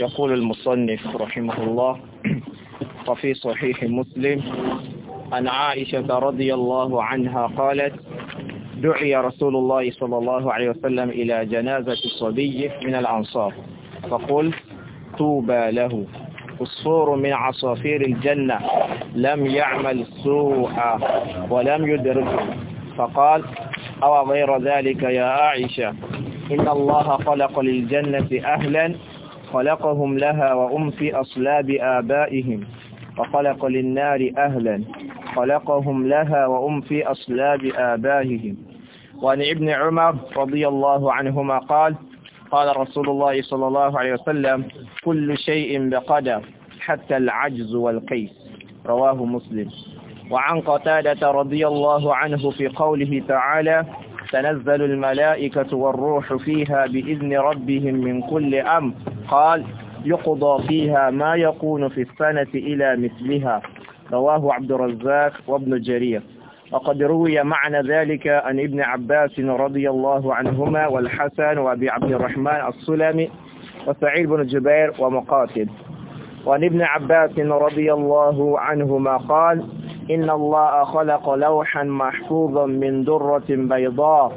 يقول المصنف رحمه الله وفي صحيح مسلم عن عائشة رضي الله عنها قالت دعي رسول الله صلى الله عليه وسلم إلى جنازة صبي من الأنصار فقل توبى له عصفور من عصافير الجنة لم يعمل سوءا ولم يدرك فقال أو غير ذلك يا عائشة إن الله خلق للجنة أهلا خلقهم لها وهم في أصلاب آبائهم وخلق للنار أهلا خلقهم لها وهم في أصلاب آبائهم وعن ابن عمر رضي الله عنهما قال قال رسول الله صلى الله عليه وسلم كل شيء بقدر حتى العجز والقيس رواه مسلم وعن قتادة رضي الله عنه في قوله تعالى تنزل الملائكة والروح فيها بإذن ربهم من كل أمر قال يقضى فيها ما يكون في السنة إلى مثلها رواه عبد الرزاق وابن جرير وقد روي معنى ذلك عن ابن عباس رضي الله عنهما والحسن وابي عبد الرحمن السلمي وسعيد بن جبير ومقاتل وعن ابن عباس رضي الله عنهما قال إن الله خلق لوحا محفوظا من درة بيضاء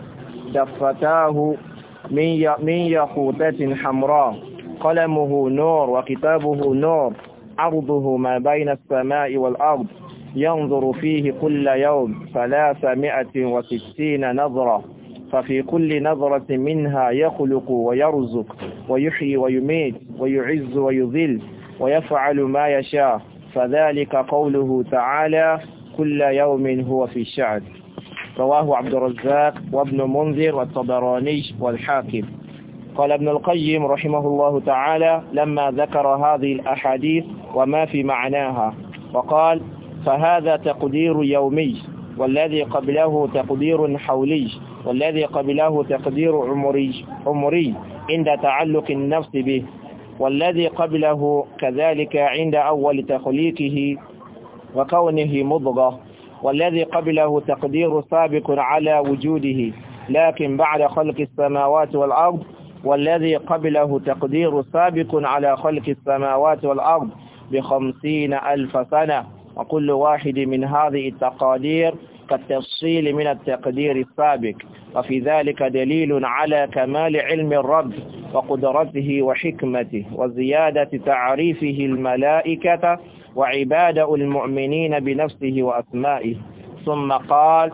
دفتاه من من يخوتة حمراء قلمه نور وكتابه نور عرضه ما بين السماء والأرض ينظر فيه كل يوم ثلاثمائة وستين نظرة ففي كل نظرة منها يخلق ويرزق ويحيي ويميت ويعز ويذل ويفعل ما يشاء فذلك قوله تعالى كل يوم هو في الشعر رواه عبد الرزاق وابن منذر والطبراني والحاكم قال ابن القيم رحمه الله تعالى لما ذكر هذه الأحاديث وما في معناها وقال فهذا تقدير يومي والذي قبله تقدير حولي والذي قبله تقدير عمري, عمري عند تعلق النفس به والذي قبله كذلك عند أول تخليقه وكونه مضغة والذي قبله تقدير سابق على وجوده لكن بعد خلق السماوات والأرض والذي قبله تقدير سابق على خلق السماوات والأرض بخمسين ألف سنة وكل واحد من هذه التقادير كالتفصيل من التقدير السابق وفي ذلك دليل على كمال علم الرب وقدرته وحكمته وزيادة تعريفه الملائكة وعبادة المؤمنين بنفسه وأسمائه ثم قال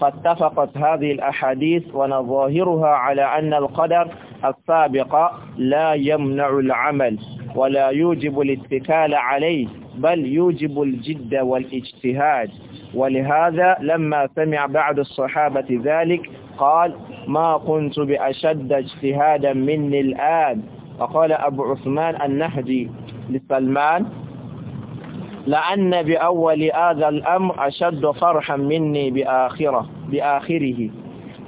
فاتفقت هذه الأحاديث ونظاهرها على أن القدر السابق لا يمنع العمل ولا يوجب الاتكال عليه بل يوجب الجد والاجتهاد ولهذا لما سمع بعض الصحابة ذلك قال ما كنت بأشد اجتهادا مني الآن وقال أبو عثمان النهدي لسلمان لأن بأول هذا الأمر أشد فرحا مني بآخره بآخره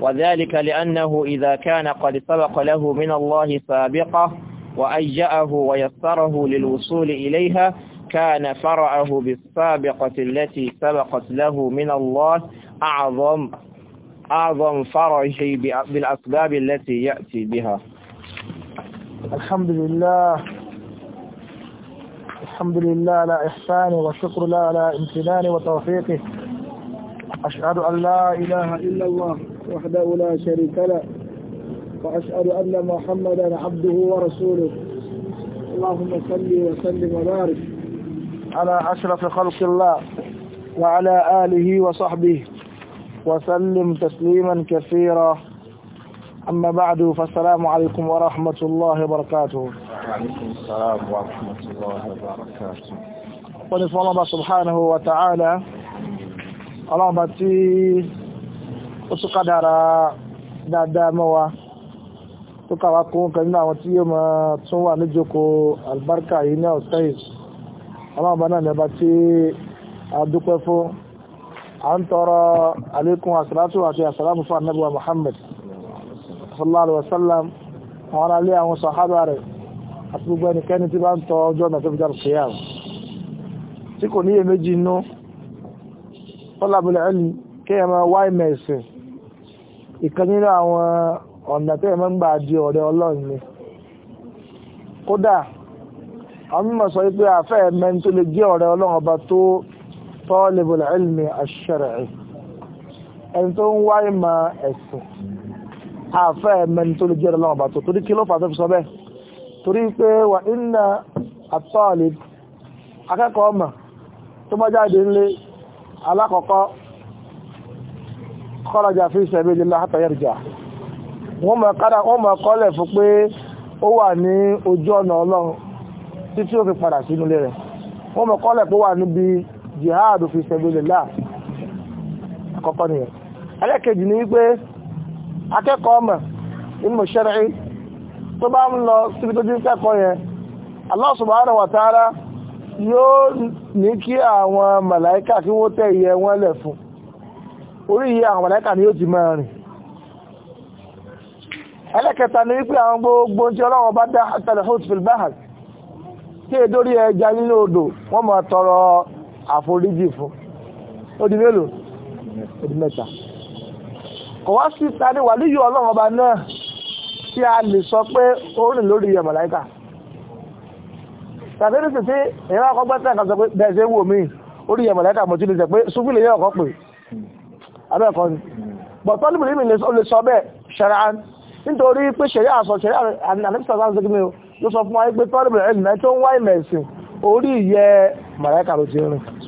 وذلك لأنه إذا كان قد سبق له من الله سابقة وأجأه ويسره للوصول إليها كان فرعه بالسابقة التي سبقت له من الله أعظم أعظم فرحي بالأسباب التي يأتي بها الحمد لله الحمد لله على إحسانه وشكر له على امتنانه وتوفيقه أشهد أن لا إله إلا الله وحده لا شريك له وأشهد أن محمدا عبده ورسوله اللهم صل وسلم وبارك على أشرف خلق الله وعلى آله وصحبه وسلم تسليما كثيرا أما بعد فالسلام عليكم ورحمة الله وبركاته وعليكم السلام ورحمة الله وبركاته ونفع الله سبحانه وتعالى ọlọ́ọ̀bá tí ó tún kádàrà dáadáa mọ́wa tó kàwà kún kan nínú àwọn tí yóò mọ́ tún wà níjòkó albarka yìí ní ọ̀sẹ̀ yìí ọlọ́ọ̀bá náà lẹ́bá tí a dúpẹ́ fún à ń tọrọ àlékún àsàlátù àti àsàlámù fún ànábì wa Muhammad sallallahu alaihi wasallam àwọn ará ilé àwọn sàhábà rẹ̀ àti gbogbo ẹnikẹ́ni tí bá ń tọ ọjọ́ ọ̀nà tó fi jáde sí yàrá tí kò níye méjì inú tọ́lábìlẹ̀ ẹ̀lì kí ẹ máa wá ìmẹ̀ ẹ̀sìn ìkan àwọn ọ̀nà tí ẹ máa ọ̀rẹ́ ọlọ́run ni kódà طالب العلم الشرعي ẹni tó ń wá ìmọ̀ ẹ̀sìn àfẹ́ ẹ̀mẹ́ni tó lè jẹ́ torí kí sọ bẹ́ẹ̀ torí pé wà iná àtọ́ọ̀lì ọmọ tó bá jáde ńlé alákọ̀ọ́kọ́ kọ́lọ̀jà fi sabilillah hatta yarja jihad fi sabilillah akọkọ ni ẹlẹ́kẹ̀ẹ́jì ni wípé akẹ́kọ̀ọ́ ọmọ ilmọ̀ ṣẹ́rẹ̀ tó bá ń lọ síbi tó dín kẹ́kọ̀ọ́ yẹn Allah subhanahu wa yóò ní kí àwọn màláíkà kí wó tẹ́ ìyẹ wọn lẹ̀ fún orí iye àwọn màláíkà ni yóò ti máa rìn ẹlẹ́kẹta ni wípé àwọn àforíjì fún ó di mélòó ó di mẹ́ta kò wá sí ta ní wàlíyù ọlọ́run ọba náà tí a lè sọ pé ó rìn lórí ìyẹ̀ màláíkà tàbí ní sì tí èyí máa kọ́gbẹ́ tẹ̀ kan sọ pé bẹ́ẹ̀ ṣe ń wò mí orí ìyẹ̀ màláíkà mo ti lè sọ pé sùfì lè yẹ ọ̀kọ́ pè abẹ́ẹ̀kọ́ ni bọ̀tọ́lù mìíràn lè sọ bẹ́ẹ̀ ṣẹ̀rán nítorí pé ṣẹ̀rí àṣọ ṣẹ̀rí àníṣà sáà ń wá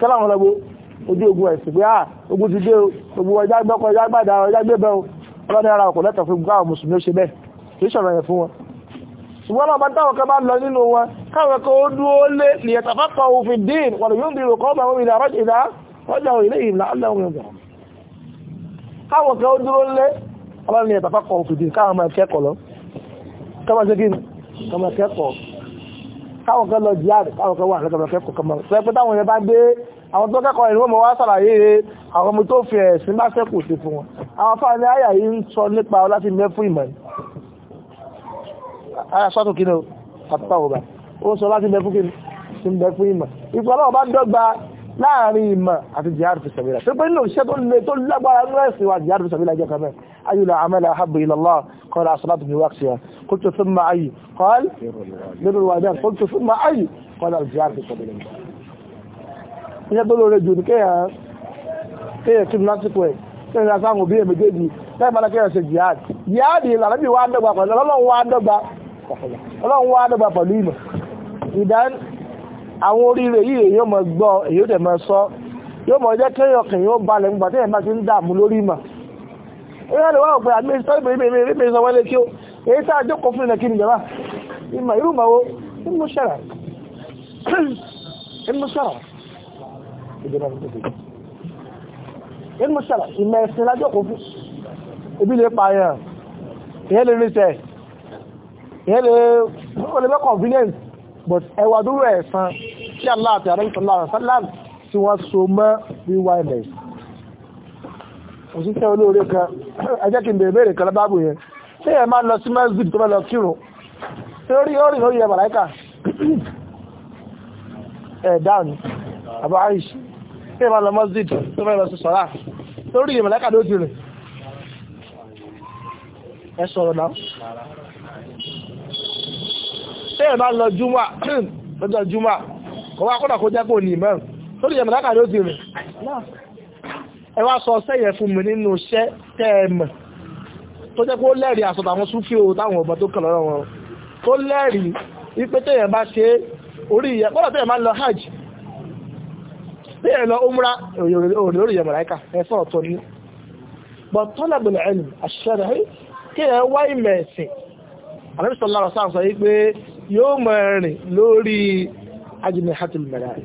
kẹ́lá wọn lọ́gbó ojú ogun ẹ̀sìn pé ah ogun ti dé o gbogbo ọjà gbọ́kọ̀ ọjà gbàdá ọjà gbébẹ̀ o ọlọ́dún ara ọkọ̀ lẹ́tọ̀ fún gbáwọ̀ mùsùlùmí ó ṣe bẹ́ẹ̀ kì í ṣọ̀rọ̀ yẹn fún wọn ṣùgbọ́n náà bá táwọn kan bá lọ nínú wọn káwọn kan ó dúró lé lìyẹ̀tàfàkọ̀ òfin dín wọ̀n yóò bí ròkọ́ ọmọ ìlà ìdá ọjà ilé ìlà aláwọn káwọn kan lọ jíàrì káwọn kan wà lọ́kọ̀ọ́ kẹ́kọ̀ọ́ kan mọ́ sẹ́pẹ́ táwọn yẹn bá dé àwọn tó kẹ́kọ̀ọ́ ìlú mọ̀ wá sàlàyé àwọn ọmọ tó fi ẹ̀sìn bá sẹ́kù sí fún wọn àwọn fáwọn ayà yìí ń sọ nípa láti mẹ́ fún ìmọ̀ ayà sọ́tún kí ni ó àtúpà òbá ó sọ láti mẹ́ fún kí ni mẹ́ fún ìmọ̀ ìfọ̀ ọlọ́wọ́ bá dọ́gba láàrin ìmọ̀ àti jihad fi sàbílà tó pé nínú iṣẹ́ tó lè tó lágbára nínú ẹ̀sìn wa jihad fi sàbílà jẹ́ kan mẹ́ àmẹ́lẹ̀ àhábù ilẹ̀ allah kọ́ra asọ́látù bí wáṣíà kó tó tún máa ayù قال بر الوالدين قلت ثم أي قال الجهاد في سبيل الله ìyẹn tó lóore jù ní kéèyàn kéèyàn tún lásìkò ẹ̀ kéèyàn láti àwọn òbí ẹ̀ méjèèjì láì máa kéèyàn ṣe jihad jihad ìlànà bí wàá dọ́gba pẹ̀lú ọlọ́run wàá dọ́gba ọlọ́run wàá dọ́gba pẹ̀lú ìmọ̀ ìdán àwọn oríire yìí èyí mọ̀ gbọ́ èyí dẹ̀ mọ̀ sọ yóò mọ̀ jẹ́ kéèyàn kìnyìn ó balẹ̀ ńgbà téèyàn bá ti ń dààmú lórí ìmọ̀ ìyẹn lè wá òpin ìmọ̀ irú mọ̀ wo inú ṣẹ́ra inú ṣẹ́ra ìjọba inú ṣẹ́ra ìmọ̀ ẹ̀sìn lájọ́ kò fún ibi lè pààyàn ìyẹ́ lè rí tẹ̀ ìyẹ́ lè olùgbẹ́ convenience but ẹwà dúró ẹ̀sán tí Allah àti àrẹ́ ìsọ̀lá àrẹ́sálàm tí wọ́n so mọ́ wíwá ilẹ̀ òṣìṣẹ́ olóore kan ẹjẹ́ kí n bèèrè kan lábábù yẹn tí ẹ̀ máa lọ sí mẹ́sìdì tó bá lọ tí ó rí ó rí lórí ẹmàláíkà ẹ̀dá ni àbá àìṣì tí ẹ̀mà lọ mọ́síd tó mẹ́rin lọ́sí sọ́lá tó rí ẹmàláíkà ló jìnrìn ẹ sọ̀rọ̀ náà tí ẹ̀mà lọ júmọ́ lọ́jọ́ júmọ́ kò wá kọ́nà kó jẹ́ kó ní mẹ́rin tó rí ẹmàláíkà ló jìnrìn ẹ wá sọ sẹ́yẹ fún mi nínú iṣẹ́ tẹ́ẹ̀mọ̀ tó jẹ́ kó lẹ́rìí àsọ̀tàwọn súnfí o táwọn ọba tó kàn lọ́rọ̀ wọn tó lẹ́rìí wípé tẹ́yẹ̀ bá ṣe orí ìyẹ pọ́lọ̀ tẹ́yẹ̀ máa lọ hajj tẹ́yẹ̀ lọ umra lórí ìyẹ mọ̀láíkà ẹ̀sọ́ ọ̀tọ̀ ní bọ̀ tọ́lẹ̀bùlẹ̀ ẹ̀lù àṣẹ́rẹ̀ kí ẹ wá ìmẹ̀ ẹ̀sìn àrẹ́sọ̀lára sáà sọ wípé yóò mọ̀ rìn lórí ajínlẹ̀ hatil mẹ̀láíkà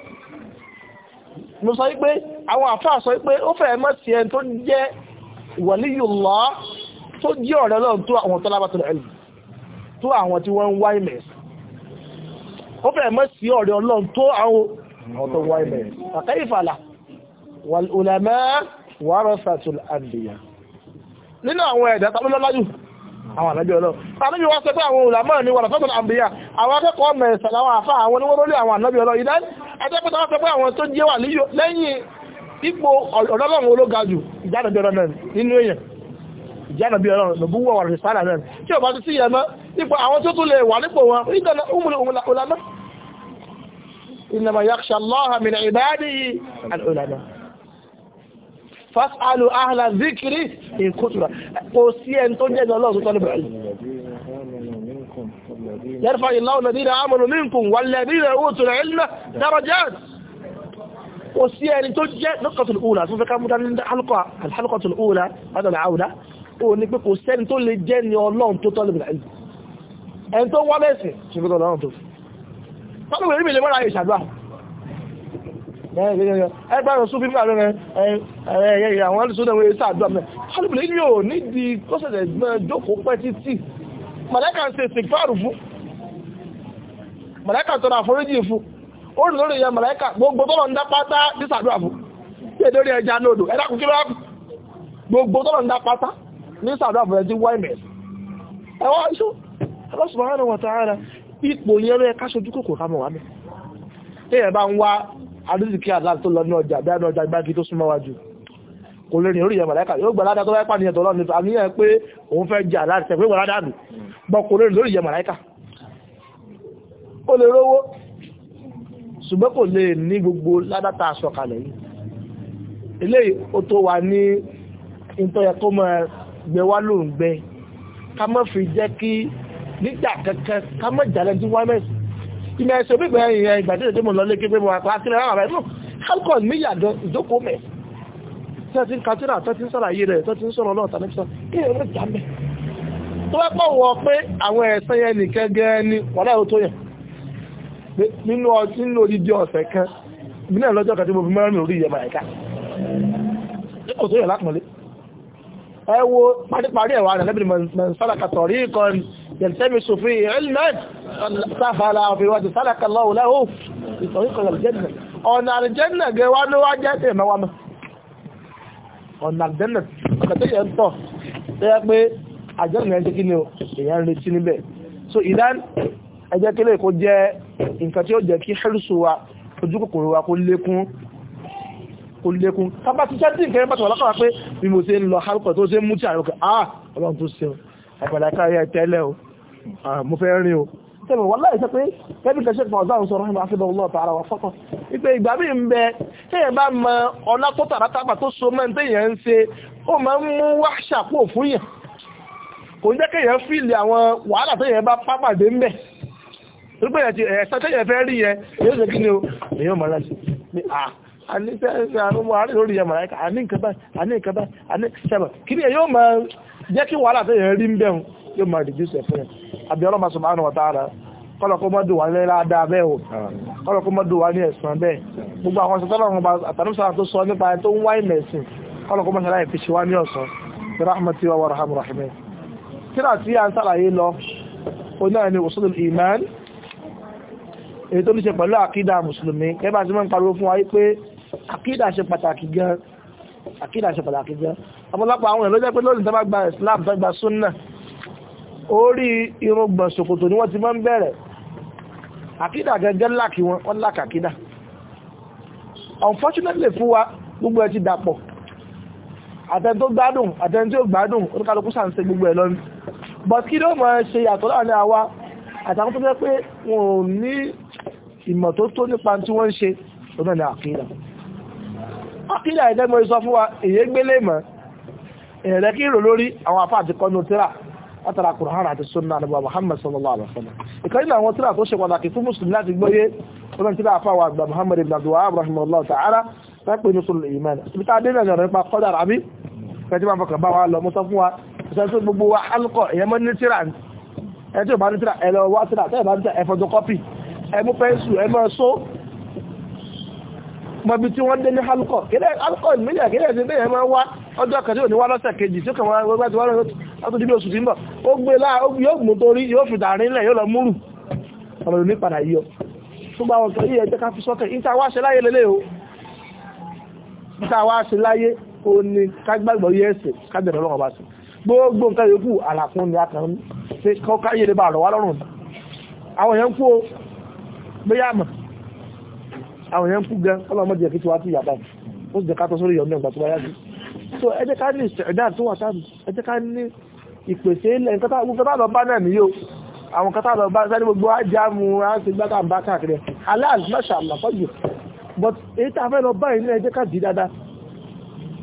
mo sọ wípé àwọn àfáà sọ wípé ó fẹ́ mọ́ sí ẹni tó jẹ́ waliyullah tó jẹ́ ọ̀rẹ́ lọ́n tó àwọn talabatul ilm tó àwọn tí wọ́n ń wá ìmẹ̀ ó fẹ́ mọ́ sí ọ̀rẹ́ Ọlọ́run tó àwọn tó wá ìmẹ̀ àkẹ́yìfàlà wal ulama warasatul anbiya nínú àwọn ẹ̀dá tàbílọ́lájú àwọn àlájọ́ ọlọ́ àwọn akẹ́kọ̀ọ́ mẹ́sàn àwọn àfáà àwọn oníwọ́n lórí àwọn àlájọ́ ọlọ́ ìdájú ẹjẹ́ pé tọ́wọ́ sọ pé àwọn tó jẹ́ wà níyò lẹ́yìn ipò ọ̀dọ́lọ́run ológa jù ìjánàbí ọlọ́run nínú èèyàn ìjánàbí ọlọ́run lòbú wọ̀ wà rìsálà náà tí ò bá ti sí ìyẹn mọ́ ipò àwọn tó tún lè wà nípò wọn ìdáná umul ulama innama yakhsha Allaha min ibadihi al-ulama fas'alu ahla dhikri in kuntum kò sí ẹni tó jẹ́ ọlọ́run tó tọ́lú يرفع الله الذين آمنوا منكم والذين أوتوا العلم درجات والسيان يعني تجة نقطة الأولى سوف كان مدان الحلقة الحلقة الأولى هذا العودة ونكبك والسيان تولي جاني والله تطلب العلم أنتم ومسي شوف الله أنتم طالب العلم اللي ما عايش عدوها ẹgbẹ́ àwọn sófin fún àwọn ẹ̀yẹ àwọn alùsọ́dọ̀ wọ́n sáà dọ́ àmì alùbìnrin yóò nídìí kọ́sẹ̀lẹ̀ jókòó pẹ́ títí màlẹ́kà ń ṣe sìgbàrù fún malaika tọrọ àforíjì fún ó rìn lórí ìyẹn malaika gbogbo tọ́lọ̀ ń dá pátá dísàdúrà fún tí èdè orí ẹja lóòdò ẹ̀dá kò kíra gbogbo tọ́lọ̀ ń dá pátá dísàdúrà fún ẹjí wáìmẹ̀ ẹwọ́ iṣu wa na. kò lè rìn orí ìyẹn màláìkà yóò gbà ládá tó wáyé pàdé ẹ̀tọ́ lọ́nà ó lè rówó ṣùgbọ́n kò lè ní gbogbo ládátà aṣọ́kalẹ̀ yìí eléyìí ó tó wà ní ìtọ́yẹ kó mọ́ gbẹ wá ló ń gbẹ ká mọ́ fi jẹ́ kí nígbà kẹ́kẹ́ ká mọ́ jàlẹ̀ tí wá mẹ́sì ìmọ̀ ẹ̀ṣọ́ pípẹ́ ìyẹn ìgbàdíjẹ̀ tí mo lọ lé kí pé mo wà pàtàkì rẹ̀ àwọn àbẹ́fún ẹ̀sẹ̀ yẹn nìkẹ́ gẹ́ẹ́ ni wọ́n láì tó yẹn nínú ọtí nínú odidi ọ̀sẹ̀ kan bí náà lọ́jọ́ kan tí mo fi mẹ́rin orí ìyẹ̀bà ẹ̀ka ó tó yẹ̀ lápọ̀lé ẹ wo paríparí ẹ̀wà rẹ̀ lẹ́bìnrin mọ̀sálàkà tọ̀rí kan yẹ̀lẹ́tẹ́mi sòfin ilmet sáfàlà ọ̀fẹ́wàtí sálàkà lọ́wọ́ lẹ́wọ́ ìtọ̀rí kan aljanna ọ̀nà aljanna gẹ̀wà ló wá jẹ́ tẹ̀ mẹ́wàá mọ́ ọ̀nà aljanna kàtẹ́ yẹn tọ̀ tẹ́ pé aljanna yẹn ti kí ni èèyàn retí níbẹ̀ so ìdán ẹjẹ́ kílẹ̀ kó jẹ́ nǹkan tí ó jẹ́ kí hẹ́rùsù wa ojú kòkòrò wa kó lékún kó lékún tábà ti sẹ́tì nǹkan ẹgbẹ́ tọ̀wọ́ lọ́kọ̀ọ́ pé bí mo ṣe ń lọ hálùkọ̀ tó ṣe mú tí àrùkọ̀ ah ọlọ́run tó ṣe àgbàlá kárí ẹ tẹ́lẹ̀ o ah, mo fẹ́ rin o tẹ́lẹ̀ wọ́n láì sẹ́ pé kẹ́bí kẹ́ṣẹ́ kan ọ̀dá òṣòro ipe ìgbà mí ń bẹ tẹ́yẹ̀ bá mọ ọlá tó tààrà tápà tó so mọ́ tẹ́yẹ̀ ń ṣe ó máa ń mú wáṣà pò fún yàn kò ń jẹ́ kẹ́yẹ̀ fíìlì àwọn wàhálà tẹ́yẹ̀ bá pápàdé ń bẹ̀ torí pé ẹ̀sán tẹ́yẹ̀ fẹ́ rí yẹn yóò ṣe kí ni o èèyàn mọ̀ láti ní à àní sẹ́sẹ́ àwọn ọmọ àárín lórí yẹn mọ̀ láìka àní nǹkan báyìí àní nǹkan báyìí àní sẹ́mọ̀ kí ni yóò máa jẹ́ kí wàhálà tẹ́yẹ̀ rí ń bẹ̀rùn yóò máa reduce ẹ̀ fún yẹn àbí ọlọ́mọ sọ̀mọ́ àrùn ọ̀tá ara kọ́lọ̀ kó mọ́dù wà nílẹ̀ dáadáa bẹ́ẹ̀ o kọ́lọ̀ kó mọ́dù wà ní ẹ̀sán bẹ́ẹ̀ gbogbo àwọn ọ̀sán tọ́lọ̀ ọba àtàlùsọ̀rọ̀ tó sọ nípa ẹni tó ń wá ìmọ̀ ẹ̀sìn kọ́lọ̀ kó mọ́sálà ìfi ṣe wá ní ọ̀sán rahmatu wa rahmu rahimin kíra tí a ń sàlàyé lọ onáà ni usulul iman èyí tó ní ṣe pẹ̀lú àkídà mùsùlùmí kẹbà tí mọ́ ń pariwo fún wáyé pé àkídà ṣe pàtàkì gan àkídà ṣe pàtàkì àwọn èèyàn pé lónìí tó bá gba Islam tó gba súnà orí irun gbọ̀n ṣòkòtò ni wọ́n ti máa ń bẹ̀rẹ̀ àkídà gẹ́gẹ́ láàkí wọn wọ́n láàkà àkídà unfortunately fún wa gbogbo ẹ ti dàpọ̀ àtẹni tó gbádùn àtẹni tí ó gbádùn oníkàlùkù sàǹsẹ̀ gbogbo ẹ̀ lọ́nà but kí ló àtàkùn tó jẹ́ pé wọn ò ní ìmọ̀ tó tó nípa tí wọ́n ń ṣe ọ̀nà ní àkídà àkídà ìdẹ́mọ̀ ìsọ fún wa èyẹ gbélé mọ̀ ẹ̀rẹ́ kí rò lórí àwọn afá àti kọ́nù tíra látara Kùránì àti sunna àdàbà Muhammad sallallahu alaihi wasallam ìkan nínú àwọn tíra tó ṣe pàtàkì fún mùsùlùmí láti gbọ́yé ọdún tíra afá wa àgbà Muhammad ibn Abdul Wahhab rahimahullah ta'ala lápẹ́ ní sọ̀rọ̀ ìmọ̀ ibi tá a dé náà nípa kọ́dà àbí kẹjọ máa fọkàn bá ò bá ní tíra ẹ̀ tíra tẹ́ ní tíra ẹ̀ ẹmú pẹ́ńsù ẹ máa só mọ̀bí tí wọ́n dé ní alukọ̀ kílẹ̀ alukọ̀ ìmìlẹ̀ kílẹ̀ sí bẹ́ẹ̀ máa wá ọjọ́ kan tí ò ní wá lọ́sẹ̀ kejì tí ó kàn wọ́n gbá ti wá lọ́sẹ̀ tó dúdú oṣù tí ń bọ̀ ó gbé láà yóò mú torí yóò fi dàrin ilẹ̀ yóò lọ múrù ọ̀rọ̀ ló ní padà yíyọ tó bá wọn kọ yíyẹ jẹ́ ká fi sọ́kẹ̀ níta wá ṣe láyé lélẹ́ o níta wá ṣe láyé o ní ká gbàgbọ́ yẹ ẹsẹ̀ ká bẹ̀rẹ̀ ọlọ́run bá sí gbogbo nǹkan yòókù àlàkùn ni a kàn ń ṣe kọ́ káyé lè bá rọ̀ wá lọ́rùn àwọn èèyàn kú o bóyá àmà àwọn èèyàn kú gan ọlọ́mọdé ẹ̀kí tí wá tí ìyàbá ó sì jẹ́ká tó sórí ìyọ̀nà ìgbà tó wáyá sí so ẹ jẹ́ ká ní ìṣẹ̀dá tó wà sáàbì ẹ jẹ́ ká ní ìpèsè ilẹ̀ nǹkan lọ bá náà níyó àwọn kátà lọ bá sáré gbogbo ajámu ránṣẹ́ gbátà ń bá káàkiri but èyí tá a fẹ́ lọ báyìí náà ẹ jẹ́ ká dì dáadáa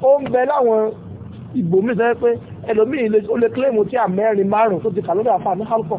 ó ń bẹ láwọn ìgbòmí sọ pé ẹlòmíì ó lè kílẹ̀mù tí a mẹ́rin márùn-ún tó ti kà lórí àfà ní hálùkọ̀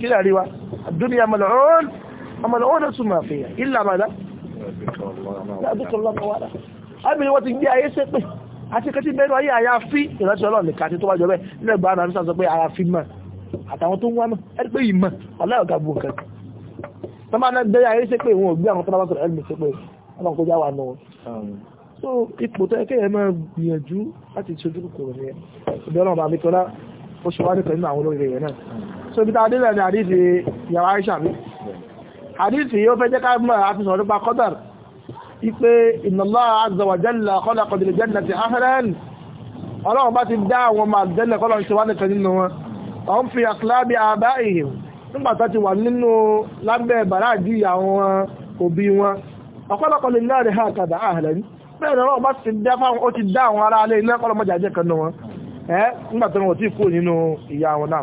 kí láàrí wa dúnìyà mọ̀lọ́rún ọmọlọ́rún tún máa fèèyàn ilà màdá láàbíkọ̀ọ́lọ́mọ̀wárá wọ́n ti gbé ayé sépè àti kẹtí mẹ́rọ ayé àyàfí ìrántí ọlọ́ọ̀lẹ̀ kàtí tó wájọ bẹ́ lẹ́gbàá náà sọ pé àyàfí mọ̀ àtàwọn tó ń wá mọ̀ ẹni pé ìmọ̀ ọláyọ̀gá bu nǹkan tó máa gbé ayé sépè wọn ò gbé àwọn tó bá sọ̀rọ̀ ẹni sépè ọmọ kó já wà nù so ipò tó ẹkẹ́ yẹn máa gbìyànjú láti ṣojú kòkòrò yẹn ìbí ọlọ́run bàbá mi tọ́lá ó ṣe wá nípa nínú àwọn olóríire yẹn náà so bí tàbí lẹ́ni àdíṣì yàwó Aisha mi àdíṣì yóò fẹ́ jẹ́ ká mọ̀ àti sọ̀rọ̀ nípa qadar ipé inna Allah azza wa jalla khalaqa lil jannati ahlan ọlọ́run bá ti dá àwọn ọmọ àjẹ́lẹ̀ kọ́lọ̀ ṣe wá nìkan nínú wọn ọ̀n fi àkílábí àbá ìhìn nígbàtà ti wà nínú lábẹ́ bàráàdì àwọn òbí wọn ọ̀pọ̀lọpọ̀ lè láàrin ha kàdà ààrẹ ní bẹ́ẹ̀ ọlọ́run bá ti dá fáwọn ó ti dá àwọn ará alẹ́ iná kọ́lọ̀ mọ́jà kan nínú ẹ́ nígbàtà wọn tí kú nínú ìyá wọn náà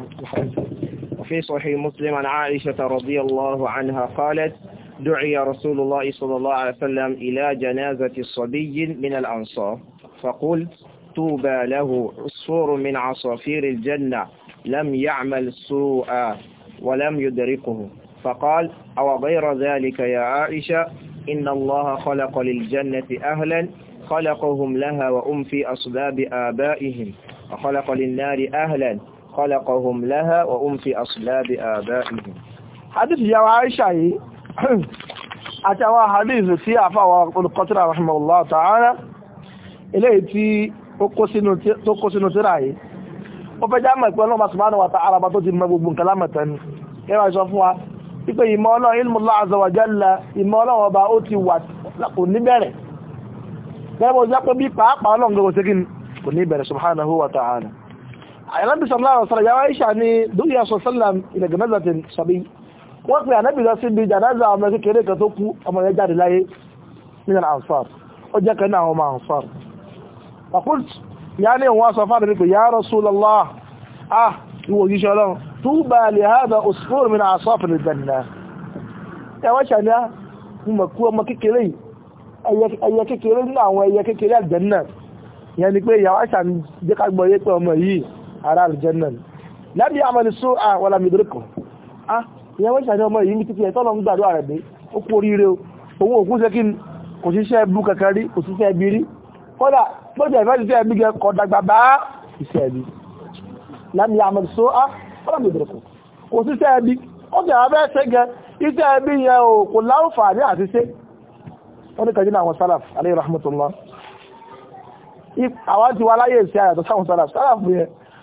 وفي صحيح مسلم عن عائشة رضي الله عنها قالت دعي رسول الله صلى الله عليه وسلم إلى جنازة صبي من الأنصار فقلت توبى له عصفور من عصافير الجنة لم يعمل سوءا ولم يدركه فقال أو غير ذلك يا عائشة إن الله خلق للجنة أهلا خلقهم لها وأم في أصباب آبائهم وخلق للنار أهلا خلقهم لها وهم في أصلاب آبائهم حديث يا عائشة أتوا حديث في عفا القطر رحمه الله تعالى إليه تي tó kó sínú tíra yìí ó fẹ́ jámọ̀ ìpẹ́ ọlọ́mà subhanahu wa ta'ala bá tó ti mọ gbogbo nǹkan lámẹ̀tẹ́ ni ẹwà ìṣọ́ fún wa wípé ìmọ̀ ọlọ́run ilmu Allah azza wa jalla ìmọ̀ ọlọ́run ọba ó ti wà kò ní bẹ̀rẹ̀ gẹ́gẹ́ bó jẹ́ pé bí pàápàá ọlọ́run gbogbo sí kí kò ní bẹ̀rẹ̀ subhanahu wa ta'ala àyànábì sọ̀rọ̀ láàrọ̀ sọ̀rọ̀ yàwá ìṣà ní dúkìá sọ̀sọ́làm ilẹ̀ gẹ̀mẹ́zà ti sọ̀bí wọ́n pe ànábì lọ sí ibi jàdáza ọmọ kékeré kan tó kú ọmọ rẹ̀ jáde láyé nínú ansar ó jẹ́ kan náà ọmọ ansar ọkùnrin ya ní ìwọ̀n sọ fáàdì pé ya Rasulullah ah ìwò òjíṣẹ́ ọlọ́run tuba li hadha usfur min asafir al-janna ẹwọ́ ṣàníá ah, mọ̀ kú ọmọ kékeré ẹyẹ kékeré nínú àwọn ẹyẹ kékeré àjẹ́ náà yẹn ni pé ìyàwó ṣàní jẹ́ ká gbọ́ yé pé ọmọ yìí ará àlùjẹ́nà lábí àmàlì só à wọ́la mìdíríkọ̀ ah ìyẹn wọ́n ṣàjọ ọmọ yìí ní títí ẹ̀tọ́ lọ ń gbàdúrà rẹ̀ dé ó kú oríire owó òkú ṣe kí n kò ṣiṣẹ́ bú kankan rí kò ṣiṣẹ́ ẹbí rí kódà bóṣe ìfẹ́ ṣiṣẹ́ ẹbí gẹ kọ dàgbà bá iṣẹ́ ẹbí lábí àmàlì só à wọ́la mìdíríkọ̀ kò ṣiṣẹ́ ẹbí ó sì àwọn fẹ́ ṣe gẹ iṣẹ́ ẹbí yẹn ò kò láǹfààní àti ṣe wọ́n ní kàjí náà àwọn sálàf alayhi rahmatullah àwọn ti wá láyé ìṣẹ́ àyàtọ̀ sáwọn sálàf sálàf yẹn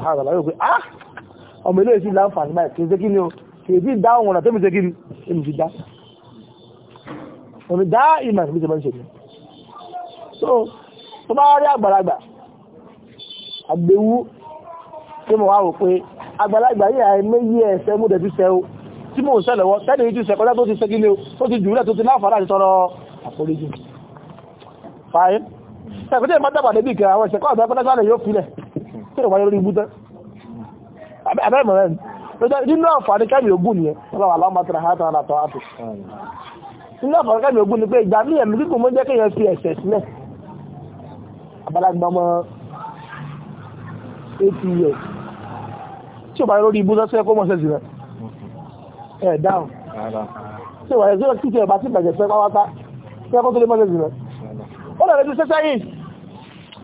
subhanallah yóò pé ah ọmọ ilé ìsìn láǹfààní báyìí kì í o kì í dá òun ọ̀nà tó so tó bá rí àgbàlagbà àgbéwú tí mo wá ń ṣẹ́ lọ́wọ́ tẹ́lẹ̀ yìí ti tó ti ṣe o tó ti jùlẹ̀ tó ti láǹfààní àti tọrọ àforíjì fàáyé ẹ̀kọ́ tí ìmọ̀ dábàdé bí àwọn ìṣẹ̀kọ́ àti ọ̀pẹ́lẹ́sọ́lẹ̀ yóò filẹ̀ sọ̀rọ̀ wáyé lórí ibúdán abẹ́mọ̀rẹ́ nínú àǹfààní kẹ́mì ogún ni ọlọ́wà aláwọ̀mọ́tara hátà àtọ̀ àtò nínú àǹfààní kẹ́mì ogún ni pé ìgbà ní ẹ̀mí kíkùn mọ́ jẹ́ kéèyàn fi ẹ̀sẹ̀ sílẹ̀ abalagbọmọ 80 years tí ó bá lórí ibúdán sẹ́yẹ́ kó mọ́ sẹ́sì rẹ̀ ẹ̀ dáhùn tí ó wà ẹ̀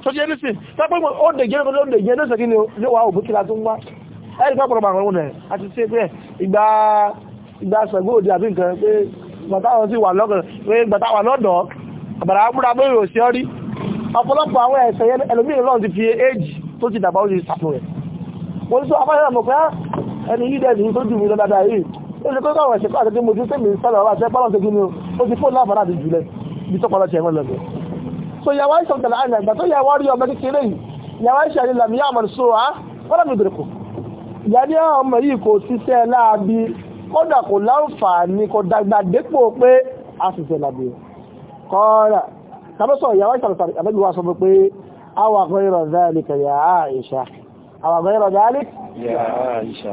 tó jẹ́ nísìn tápẹ́ ó dè jẹ́ ó dè jẹ́ lọ́sẹ̀ kí ni ó wà òbú kíla tó ń wá ẹ̀rí pápọ̀rọ̀ àwọn ọmọ rẹ̀ àti sí pé ìgbà ìgbà sọ̀gbọ́ òdì àbí nǹkan pé gbàtàwọn sì wà lọ́gàn pé gbàtàwà lọ́dọ̀ àbàrà àbúrà bó yóò sí ọrí ọ̀pọ̀lọpọ̀ àwọn ẹ̀sẹ̀ yẹn ẹlòmíràn lọ́n ti fi éèjì tó ti dàgbà ó ti sàtò rẹ̀ mo ní sọ afẹ́rẹ́ mọ̀ pé ah, ẹni yìí dẹ̀sì tó jù mí lọ dáadáa yìí ó ṣe kókó àwọn ẹ̀sẹ̀ kọ́ àti pé mo ti sẹ́mi sẹ́lẹ̀ ọ̀rọ̀ àti ẹgbẹ́ ọ̀sẹ̀ kí ni ó ti fóònù láǹfààní àti jùlẹ̀ bí tọ́pọ̀lọ́ ti ẹ̀wọ̀n lọ́gbẹ̀ẹ́ so ìyàwó àìsàn tẹ̀lé àìsàn ìgbà tó yàwó rí ọmọ kékeré yìí ìyàwó àìsàn ni làmì yàmọ̀ so á wọ́n lábì bèrè kù ìyá ní ọmọ yìí kò ṣiṣẹ́ láabi kódà kò láǹfààní kò dàgbà dépò pé a ṣiṣẹ́ láabi kọ́ra tàbísọ̀ ìyàwó àìsàn tàbí àbẹ́bí wa sọ pé awà gọ́rọ̀ zálìkà yà àìṣà awà gọ́rọ̀ zálìkà yà àìṣà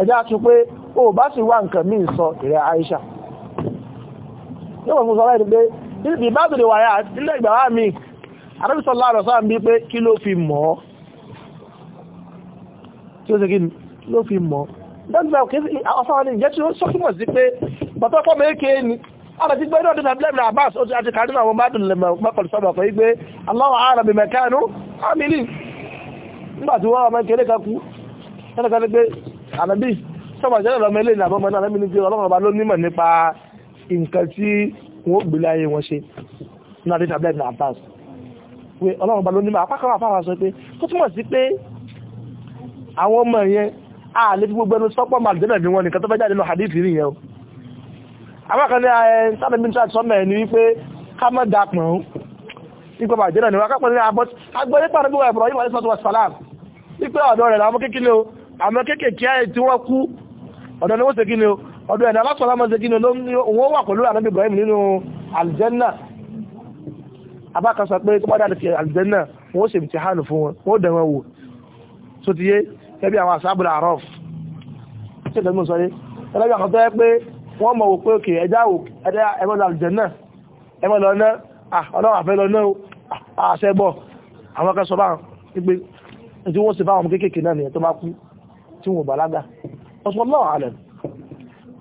ẹjá tún pé o bá sì wá nǹkan míì sọ ìrẹ̀ àìṣà yóò mọ̀ fún sọ láìrí pé ní ìbádòdè wà yáà nílẹ̀ ìgbàwà mi arábìsọ́lá àrọ̀sá ń bí pé kí ló fi mọ̀ tí ó sì kí ló fi mọ̀ dẹ́gbẹ̀ ọ̀fáwọn ìjẹ́ tí ó sọ́kúnmọ̀ sí pé bàtọ́pọ̀ mẹ́kẹ́ ni ala ti gbẹ́rẹ́ ọdún abúlẹ́mìnà abbas ó ti àti kàrí àwọn mádùn lẹ́mọ̀ mọ́kànlá sọ́bọ̀ pé gbé aláwọ̀ ara bí mẹ́kánú amìlì nígbàtí wọ́n ọmọ kéré kakú ẹnìkan gbé alábí sọ́bọ̀ jẹ́ lọ́mọ ilé ìlàbọ́mọ náà lẹ́mìnì jẹ́ ọlọ́mọ ọba ló nímọ̀ nípa nǹkan tí wọ́n gbé láyé wọn ṣe ní àdéjà blake na abbas ọlọ́run bá nímọ̀ apákan àfáà sọ pé tó túmọ̀ sí pé àwọn ọmọ yẹn a lè fi gbogbo ẹnu sọ́pọ̀ máa dẹ́nà bí wọn nìkan tó fẹ́ jáde lọ hadith rí yẹn o àwọn kan ní ayẹ sábẹ́ bí nítorí sọ́mọ̀ ẹ̀ ní wípé ká mọ́ da pọ̀ ń nípa bàjẹ́ náà ni wọ́n kápọ̀ ní abọ́ agbọ́dé pàdé bí wọ́n ẹ̀bùrọ̀ yìí wọ́n sọ́tọ̀ wọ́n sàlám wípé ọ̀dọ́ rẹ̀ làwọn kékeré o àwọn kékeré tí wọ́n kú ọ̀dọ́ ni wọ́n ṣe kí ni o ọdún ẹ̀dá lásọ̀lá mọ́ ṣekínú owó wà pẹ̀lú ànábì Ibrahim nínú aljanna abákasà pé tó bá dáadé aljanna wọ́n ṣe ti hànú fún wọn wọ́n dẹ̀wọ̀n wò tó ti yé ẹbí àwọn àsábùlà àrọ́f tí ìtọ́jú mọ́ sọ́rí ẹlẹ́bí àkọ́tọ́ ẹ pé wọ́n mọ̀ wò pé òkè ẹjá wò ẹjá ẹmọ́ lọ aljanna ẹmọ́ lọ ná ọlọ́run àfẹ́ lọ náà àṣẹ bọ̀ àwọn sì bá àwọn kéékèèké náà nìyẹn tó bá kú tí wọ́n bàlágà ọ̀sán náà àlẹ́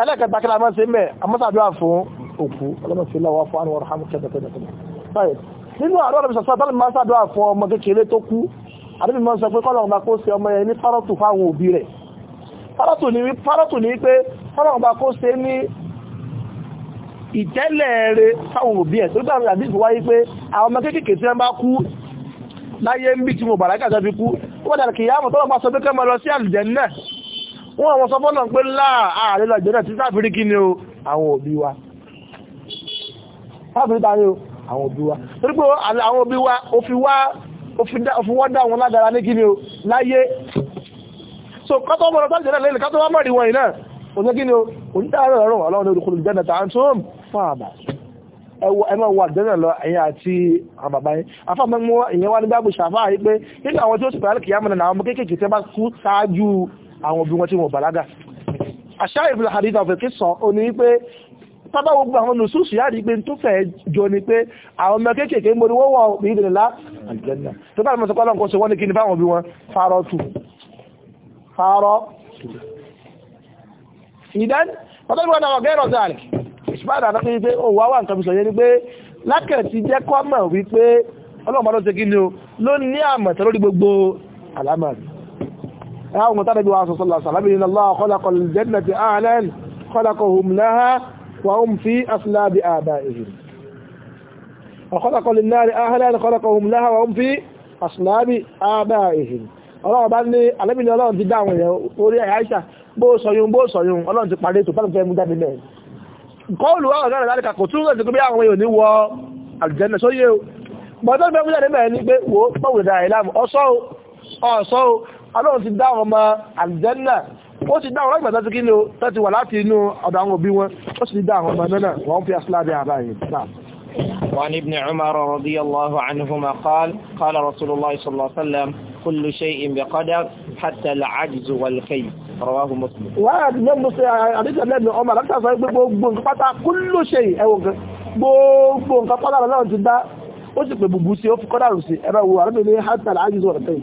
ẹlẹ́kẹta kí la máa ṣe mẹ́ àmọ́sàdúrà fún òkú ọlọ́mọ̀sí lọ́wọ́ fún àwọn ọ̀rọ̀ hàmùkẹ́ nínú àrọ́ ọ̀rọ̀ ìṣàṣọ́ tọ́lù máa sàdúrà fún ọmọ kékeré tó kú àdébì máa ń sọ pé kọ́lọ̀n bá kó ṣe ọmọ ẹni fárọ́tù fáwọn òbí rẹ̀ fárọ́tù ní pé kọ́lọ̀n bá kó ṣe ní ìtẹ́lẹ̀ rẹ̀ fáwọn wọ́n àwọn sọfọ́nà pé láà ààrẹ lọ́jọ́dẹ̀ tí sáfìrí kí ni o àwọn òbí wa sáfìrí tàbí o àwọn òbí wa torí pé àwọn òbí wa ó fi wọ́n dá wọn lágara ní kí ni o láyé so kọ́tọ́ ọmọ ọ̀rọ̀ sáfìrí lẹ́lẹ́ kọ́tọ́ wọ́n mọ̀rí wọ̀nyí náà oní kí ni o onídàárọ̀ ọ̀rọ̀ ọlọ́run ní olùkọlù jẹ́ nàta antom fáàmà ẹwọ ẹmọ wà dẹ́nà lọ ẹ̀yà àti àbàbá yìí afọ́mọ́ ìyẹn wá nígbàgbù ṣàfáà yìí pé nínú àwọn tí ó sì pẹ̀lú kìyàmù náà àwọn ọmọ kéékèèké tẹ́ bá kú ṣáájú àwọn òbí wọn tí wọ́n bàlágà àṣà ìbìlà àdídà ọ̀fẹ́ kí sàn ní wípé tábà gbogbo àwọn nùsùsù yá rí pé tó fẹ́ jọ ni pé àwọn ọmọ kéékèèké mo ní wọ́n wọ̀ bí ìdìrì lá àjẹ́nà tó bá mọ̀sọ̀kọ́ lọ́nkọ́ sí wọ́n ní kí ni fáwọn òbí wọn fárọ́ tù fárọ́ ìdán pàtàkì wọn náà gẹ́rọ̀ sáà rẹ̀ ìṣùpáàdà náà pé ó wá wà nǹkan mi sọ yẹn ni pé lákẹ̀tì jẹ́ kọ́mọ̀ wípé ọlọ́mọdé ti kí ni o ló ní àmọ̀tẹ́ lórí gbogbo àlámà أو متربي وعصى صلى الله عليه وسلم إن الله خلق الجنة أعلا خلقهم لها وهم في أصلاب آبائهم وخلق للنار أهلا خلقهم لها وهم في أصلاب آبائهم ọlọ́run bá ní alẹ́bìnrin ọlọ́run ti dáwọn èèyàn orí àìṣà bó sọyún bó sọyún ọlọ́run ti parí ètò pẹ́lú fẹ́mú jáde lẹ́ẹ̀ kọ́ olùwọ́ ọ̀gá rẹ̀ láríkà kò túnrọ̀ pé àwọn èèyàn ní wọ àlùjẹ́nà sóyé o ọlọ́run ti dá ọmọ àlìjẹ́nà ó ti dá àwọn ọlọ́gbàtà ti kí ni ó wà láti inú ọ̀dọ̀ àwọn òbí wọn ó sì dá ọmọ náà wọ́n fi asíláàbí àbáyé عمر رضي الله عنهما قال قال رسول الله صلى الله عليه وسلم كل شيء بقدر حتى العجز والكي gbogbo nǹkan kọ́lá lọ́wọ́ ti dá ó sì pè bùbù sí ó fi kọ́lá rù ẹ̀rọ ìwò àrẹ́bìnrin hátàlá ájízọ́ rẹ̀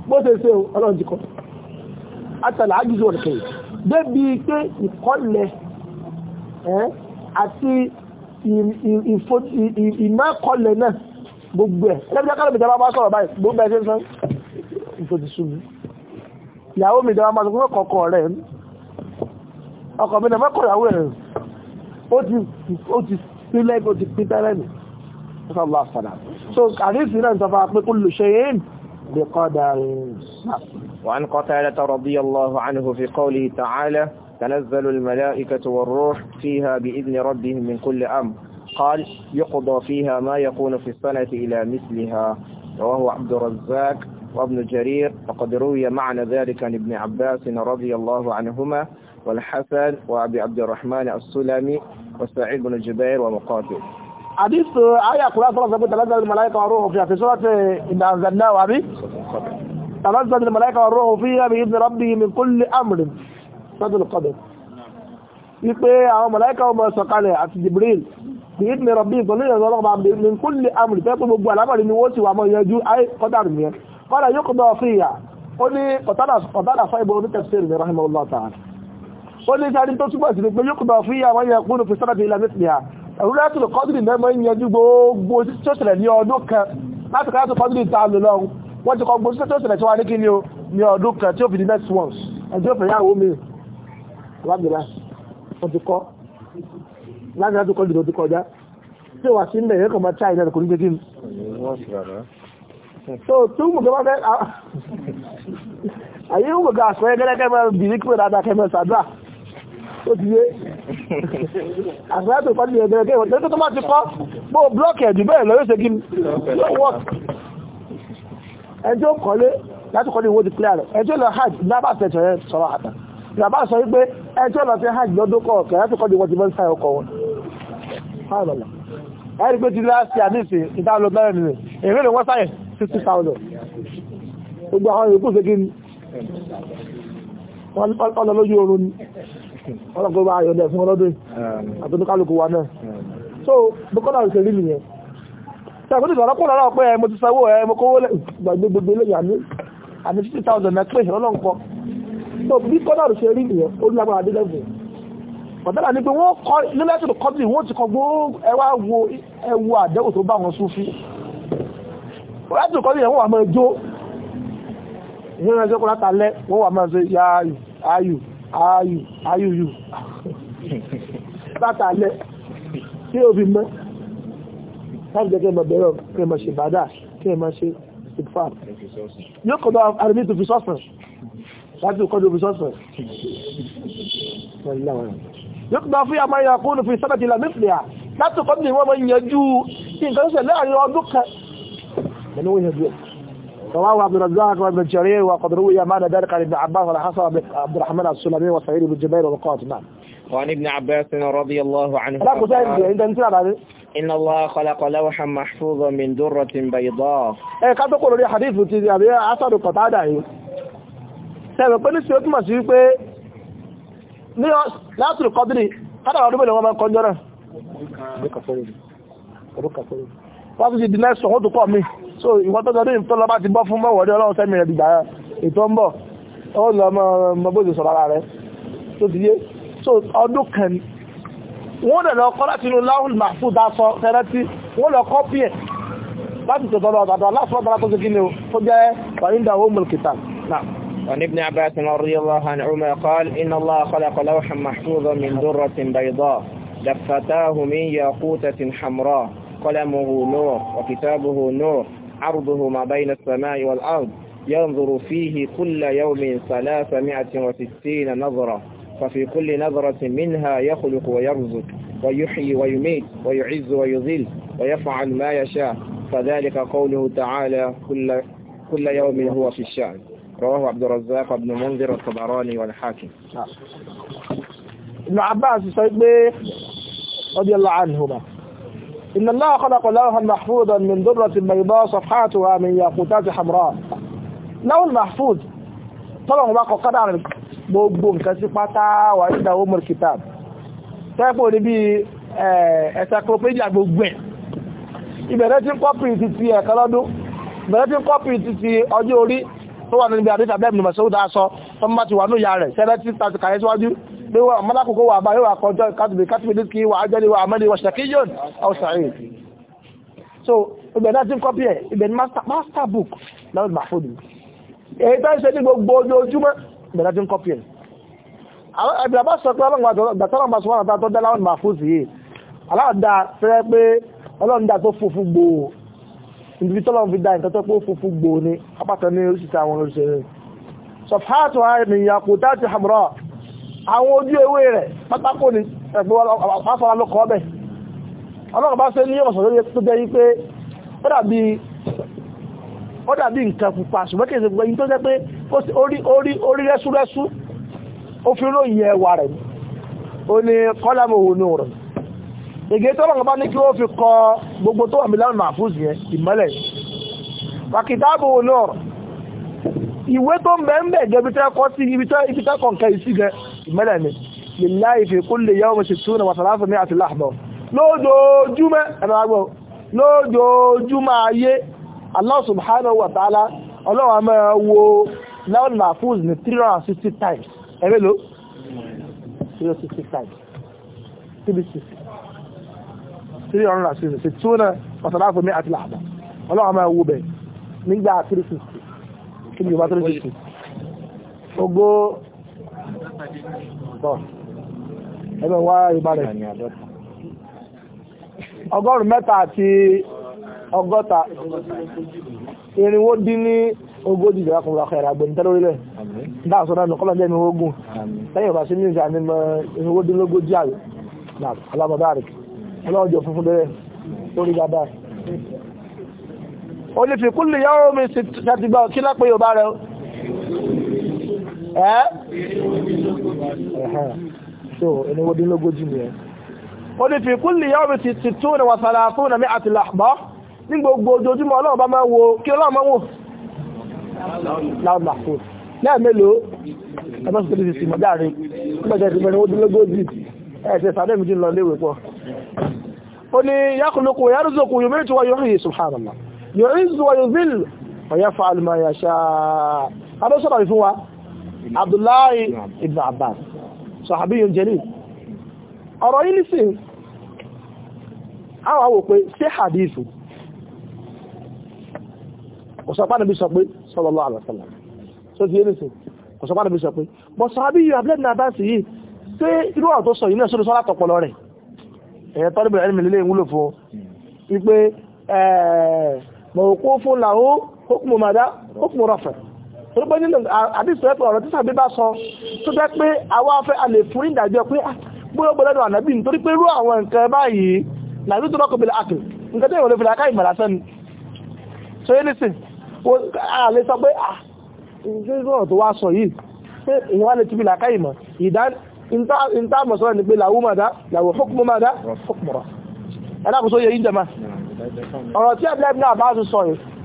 bó ṣe ṣe ọlọ́run ti kọ́ àtàlà àjùzọ ọ̀rẹ̀kẹ̀ débi pé ìkọlẹ̀ àti ìmọ̀kọlẹ̀ náà gbogbo ẹ̀ ẹlẹ́bíjá kálọ̀ ìjọba bá sọ̀rọ̀ báyìí gbogbo ẹ̀ṣẹ́ sán ìfòdì súnmi ìyàwó mi ìjọba máa sọ fún ọkọ̀ rẹ̀ ọkọ̀ mi náà mọ́kọ̀ ìyàwó rẹ̀ ó ti sílẹ̀ ó ti pín tẹ́lẹ̀ nì so àdéhùn náà ń sọ fún wa pé kó lè ṣe é بقدر وعن قتالة رضي الله عنه في قوله تعالى تنزل الملائكة والروح فيها بإذن ربهم من كل أمر قال يقضى فيها ما يكون في السنة إلى مثلها رواه عبد الرزاق وابن جرير وقد روي معنى ذلك عن ابن عباس رضي الله عنهما والحسن وأبي عبد الرحمن السلمي وسعيد بن الجبير ومقاتل حديث آية قرآن صلى الله عليه وسلم تنزل الملائكة والروح فيها في سورة إذا أنزلناه أبي تنزل الملائكة والروح فيها بإذن ربه من كل أمر سد القدر يبقى àwọn màláíkà ọmọ sọ̀kalẹ̀ àti Jibril bí i ní rọ̀bí ìtọ́lẹ̀ ìrọ̀lọ́ ọlọ́pàá bí i kú lè amìrì tẹ́ pé gbogbo alámàrí ni wọ́n ti wà mọ́ ìyẹjú kọ́dàrù ní ẹ kọ́dà yóò kọ́dà fi ìyà ó ní ọ̀tádà fún ìbò onítẹ̀sẹ̀rì ní rahimahullah ta'ala ó ní sáré tó túbọ̀ sí pé yóò kọ́dà fi ìyà wọ́n yẹ kúrò fi sọ́dọ̀ ilẹ̀ mẹ́tìlẹ̀ Lailatul Qadr náà máa ń yanjú gbogbo tó ṣẹlẹ̀ ní ọdún kan láti Lailatul Qadr ta lò lọ́run wọ́n ti kọ gbogbo tó ṣẹlẹ̀ tí wá ní kí ní ọdún kan tí ó fi di next ones ẹjọ́ fẹ̀yà àwọn omi wágbìlá ọdúkọ́ láti Lailatul Qadr ló ti kọjá tí ó wà sí ilẹ̀ ẹ̀kọ́ máa china kò ní gbé gíní so tí ó mú gbogbo fẹ́ àyíwò gbogbo àṣọ ẹgẹ́gẹ́ mẹ́rin bìí pé dáadáa kẹ́mẹ́ sàdúrà ó ti yé àṣíyàtò pàdé ẹ̀dẹ̀rẹ̀kẹ́ ìwọ̀n tó má ti kọ́ bó blọ́ọ̀kì ẹ̀dù bẹ́ẹ̀ lọ yóò ṣe gín ẹjọ́ kọ́lé láti kọ́lé ìwó ti clear rẹ̀ ẹjọ́ lọ hajj lábà tẹ̀tẹ̀ rẹ̀ sọ̀rọ̀ àtà ìyàbá sọ wípé ẹjọ́ lọ sí hajj lọ́dún kọ̀ọ̀kẹ́ láti kọ́lé ìwọ̀n ti bọ́ sáyọ kọ̀ wọn ẹ̀rí pé ti láti àdíṣe ìdálò bẹ́rẹ̀ nìyẹn èrè lè wọ́n sáyẹ̀ 60,000 gbogbo àwọn ìrìnkú ṣe gín ọlọ́lójú oorun ni ọlọ́pọ̀ bá yọ̀dẹ̀ fún ọlọ́dún àtúntúkálùkù wa náà so bókọ́lá ò ṣe rí nìyẹn tẹ́kùn ní ìsọ̀rọ̀ kúrò náà pé mo ti sanwó ẹ mo kówó gbàgbé gbogbo ilé yàní àní 50,000 ẹ pé ọlọ́nkọ so bí kọ́lá ò ṣe rí nìyẹn ó ní agbára dé lẹ́gùn ọ̀dọ́là ní pé wọ́n kọ́ nílẹ́sìn kọ́tì wọ́n ti kọ gbogbo ẹwà wo ẹwu àdẹ́wò tó láti kọ́ látàlẹ́ wọ́n wà máa ṣe ya ayù ayùyù látàlẹ́ tí ó fi mọ́ láti jẹ́ kẹ́mọ̀ bẹ̀rẹ̀ kẹ́mọ̀ ṣe bàdá kẹ́mọ̀ ṣe ìfà yóò kọ́ bá àrùbí tó fi sọ́sàn láti kọ́ tó fi sọ́sàn yóò kọ́ bá fún àmà ìyà kúrò fi sábàtì ìlà mẹ́fìlìyà láti kọ́ bí wọ́n mọ̀ yanjú nǹkan ṣẹlẹ̀ àárín ọdún kan رواه عبد الرزاق وابن جرير وقد روي معنى ذلك عن ابن عباس على حسب عبد الرحمن السلمي وسعيد بن جبير والقاسم نعم وعن ابن عباس رضي الله عنه إن الله خلق لوحا محفوظا من درة بيضاء إيه قد تقول لي حديث بتيجي أبي أثر قطعة sẹ́rẹ̀ pé ní sí ó túnmọ̀ sí wípé ní látùrù kọdìrì kádàwà ọdún mẹ́lẹ̀ wọ́n máa kọjọ́ rẹ̀ wọ́n tún ti di next one ó tún kọ́ mi so ìwọ́n tó sọdún ìtọ́lọ́ bá ti bọ́ fún mọ́wọ́dé ọlọ́run sẹ́mi rẹ̀ dìgbà ètò ń bọ̀ ó lọ mọ bóde sọ̀rọ̀ ara rẹ̀ tó ti yé so ọdún kan wọ́n dẹ̀ lọ kọ́ láti inú láhùn màfú dáṣọ fẹ́rẹ́tì wọ́n lọ kọ́ píẹ̀ láti tòtọ́ lọ àtàtà aláṣọ عن ابن عباس رضي الله عنهما قال إن الله خلق لوحا محفوظا من درة بيضاء لفتاه من ياقوتة حمراء قلمه نور وكتابه نور عرضه ما بين السماء والأرض ينظر فيه كل يوم ثلاثمائة وستين نظرة ففي كل نظرة منها يخلق ويرزق ويحيي ويميت ويعز ويذل ويفعل ما يشاء فذلك قوله تعالى كل, كل يوم هو في الشأن رواه عبد الرزاق بن منذر الطبراني والحاكم نعم. ابن عباس سيد رضي الله عنهما إن الله خلق لوحا محفوظا من ذرة بيضاء صفحاتها من ياقوتات حمراء لوح المحفوظ طلعوا بقى قدر gbogbo nǹkan sí pátá wà nígbà ó mọ̀rọ̀ kìtà tẹ́pọ̀ ní bí encyclopedia gbogbo ẹ̀ ìbẹ̀rẹ̀ tí ń kọ́pì ti ti ẹ̀kọ́ lọ́dún ìbẹ̀rẹ̀ tí ń kọ́pì ti ti ọjọ́ orí tó wà níbi àdíta bẹ́ẹ̀ mọ̀sọ́wọ́dá sọ tọ́mbà ti wà ní ìyá rẹ̀ sẹ́rẹ́ tí tàbí kàyẹ́síwájú pé wọ́n mọ́lákòókò wà bá yóò wà kọjọ́ kátìbì kátìbì ní kí wà ájẹ́lì wà àmẹ́lì wà ṣàkíyàn ọ̀sàrí so ibẹ̀ náà ti ń kọ́pí ẹ̀ book lọ́wọ́d mahfoud èyí tó ń gbogbo ojoojúmọ́ ibẹ̀ náà ti ń kọ́pí ẹ̀ ìbìlàbá sọ pé ọlọ́gbàtọ́lọ́gbà dá tó funfun gbòó ibi tọ́lọ́n fi dá nǹkan tó pé funfun gbòó ni apáta ní oṣìṣẹ́ àwọn ojú ewé rẹ̀ pátákó ní ẹ̀gbọ́n lọ́kọ̀ ọbẹ̀ ọlọ́run bá ṣe ní ọ̀sán lórí tó jẹ́ wípé ó dàbí nǹkan pupa ṣùgbọ́n kìí ṣe gbogbo yìí tó jẹ́ pé orí rẹ́súrẹ́sú ó fi ròyìn ẹwà rẹ̀ ó ní kọ́lámù òhun rẹ̀ ègé tó lọ́run bá ní kí ó fi kọ gbogbo tó wà mí lánàá àfúsì yẹn ìmọ́lẹ̀ wàkìtáàbù òhun rẹ̀ ìwé tó ń bẹ ń bẹ jẹ́ ibi tẹ́kọ̀ọ́ sí ibi tẹ́kọ̀ọ́ nǹkan ìsí gẹ̀ẹ́ ìmẹ́lẹ̀ ni lillahi fi kulli yawmin sittuna wa thalathmi'atu lahza lójoojúmọ́ ẹ̀rọ agbọ́ lójoojúmọ́ ayé Allah subhanahu wa ta'ala ọlọ́wà mẹ́rin wo lawal mahfuz ní 360 times ẹ̀rẹ́ ló 360 times 360 360 sittuna wa thalathmi'atu lahza ọlọ́wà mẹ́rin wo bẹ̀ nígbà 360 kí ni yóò bá 360 ogó ẹgbẹ́ wá ìbá ọgọ́rùn mẹ́ta àti ọgọ́ta irinwó dín ní ogójì ìjọba kan lọ́kọ̀ ẹ̀rà gbẹ̀ntẹ́ lórílẹ̀ dáàsọ́ nìkọ́lọ̀ jẹ́ ìrìn ogun lẹ́yìn ọ̀bá sí ní ìjà irinwó dín lógójì funfun bẹ̀rẹ̀ lórí ó fi kúlù so ẹni wọ́n dínlógójì ni ẹ ó ní fi kúlì yọ́ mi ti tó ní wàsàlá tó nà mí àti làbá ní gbogbo ojoojúmọ́ ọlọ́run bá máa wo kí ọlọ́run máa wò láàrín àkó náà mélòó ẹmọ́sùn tó ti sì mọ̀ dáàrin nígbàjẹ́ ti mẹ́rin wọ́n dínlógójì ẹ̀ẹ́sẹ̀ sàdé mi jí lọ léwé pọ̀ ó ní yákùnlókù yárùzókù yóò mẹ́rin tó wáyé yóò yìí subhanallah yóò rí zuwa yóò zil ọ̀yẹ́ fa alùmọ̀ yà ṣáà Abdullahi ibn Abbas sahabiyun jalil ọ̀rọ̀ yìí nísìn àwọn àwò pé sí hadithu ọ̀sọ̀pánàbí sọ pé sallallahu alaihi wasallam tó ti yé nísìn ọ̀sọ̀pánàbí sọ pé bọ̀ sahabiyun Abdullahi ibn Abbas yìí pé irú ọ̀rọ̀ tó sọ yìí náà sórí sọ́lá tọpọlọ rẹ̀ ẹ̀yẹ tọ́lẹ̀bẹ̀rẹ̀ ẹni mìlélẹ̀ tó pé nínú àdìsọ ẹ̀pọ̀ ọ̀rọ̀ tí sàbí bá sọ tó jẹ́ pé àwọn afẹ́ a lè fún ìdàjọ́ pé ah, gbọ́gbọ́ lẹ́nu ànábì nítorí pé rú àwọn nǹkan báyìí làbí tó rọ́kọ̀ bèèrè àkè nǹkan tó ìwọ̀n lè fìlà káì màlá sẹ́nu so yé nísìn a lè sọ pé ìjọ́rọ̀ ah, tó wá sọ yìí pé ìwọ́n lè ti fi làkáì mọ̀ ìdá ìta mọ̀ sọ́rọ̀ ni pé làwú màdá làwú fọ́kùnmọ́ màdá fọ́kùnmọ́ ẹ̀dàkùsọ yẹ yìí jẹ ma ọ̀rọ̀ tí àbílẹ̀ náà bá sọ yìí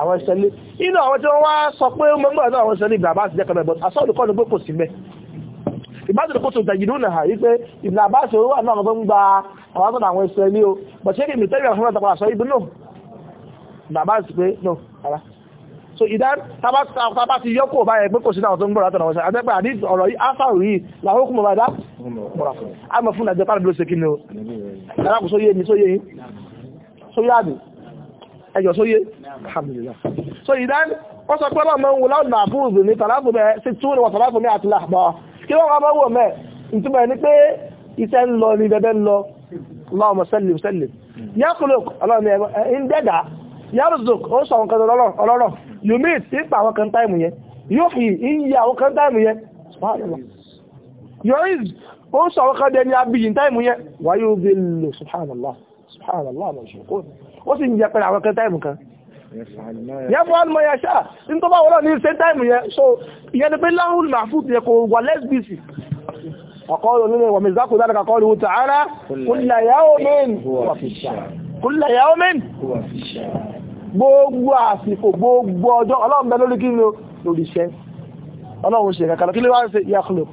àwọn ìṣẹ́lẹ̀ inú àwọn tí wọ́n wá sọ pé ó mọ́gbọ́n náà àwọn ìṣẹ́lẹ̀ ìbàbá àti jẹ́kọ̀ọ́ ẹ̀bọ̀n asọ́ọ̀lù kọ́ ló gbé kò sí mẹ́ ìbájú kó tó dàjìdú náà wípé ìbàbá àti owó àná ọ̀gbọ́n gba àwọn àtọ́nà àwọn ìṣẹ́lẹ̀ o bọ̀tí ẹ̀kì mi tẹ́lẹ̀ àwọn àtàkùn àṣọ ibùdó bàbá àti pé no ara so ìdá tábà ti yọ́kù ọba ẹgbẹ́ kò sí náà tó ń gbọ́ra àtọ̀nà ọ̀sẹ̀ àtẹ́gbẹ́ àdí ọ̀rọ̀ yìí áfàrù yìí làwọn òkú mọ̀bàdá àmọ̀ fún àjẹpá ló ṣe kí ni o alákòóso yé mi sóyé yìí sóyá àdì ẹjọ́ sóyé alhamdulillah so ìdán wọ́n sọ pé ọlọ́mọ ń wò láwọn àbúrò ní tàlàfù mẹ́ sí tún wọ́n tàlàfù mẹ́ àti làbọ̀ kí wọ́n máa wò mẹ́ ìtumọ̀ ní pé iṣẹ́ ń lọ ní bẹ́bẹ́ ń lọ Allahumma sallim sallim yakuluk ọlọ́run ń dẹ́dà yaruzuk ó sọ àwọn kan ọlọ́rọ̀ yumit ń pa àwọn kan táìmù yẹn yóò fi ń yẹ àwọn kan táìmù yẹn yoriz ó sọ àwọn kan dẹni abiyin táìmù yẹn wáyé ó sì ń jẹ pẹ̀lú àwọn kan táìmù kan yẹ́fọ́ ọdún mọ́yẹ ṣáà ní tó bá wọ́n ní ṣe táìmù yẹn so ìyẹn ni pé láhùn màfúù yẹ kò wà lẹ́sbìsì ọkọ̀ọ̀rọ̀ nínú ìwọ̀n mìzákù dára kàkọ́rù wùtà ara kúlẹ̀ yàó mẹ́rin gbogbo àsìkò gbogbo ọjọ́ ọlọ́run bẹ lórí kíni lórí iṣẹ́ ọlọ́run ṣe kàkàlọ́ kí ló wá ń ṣe yàkùlù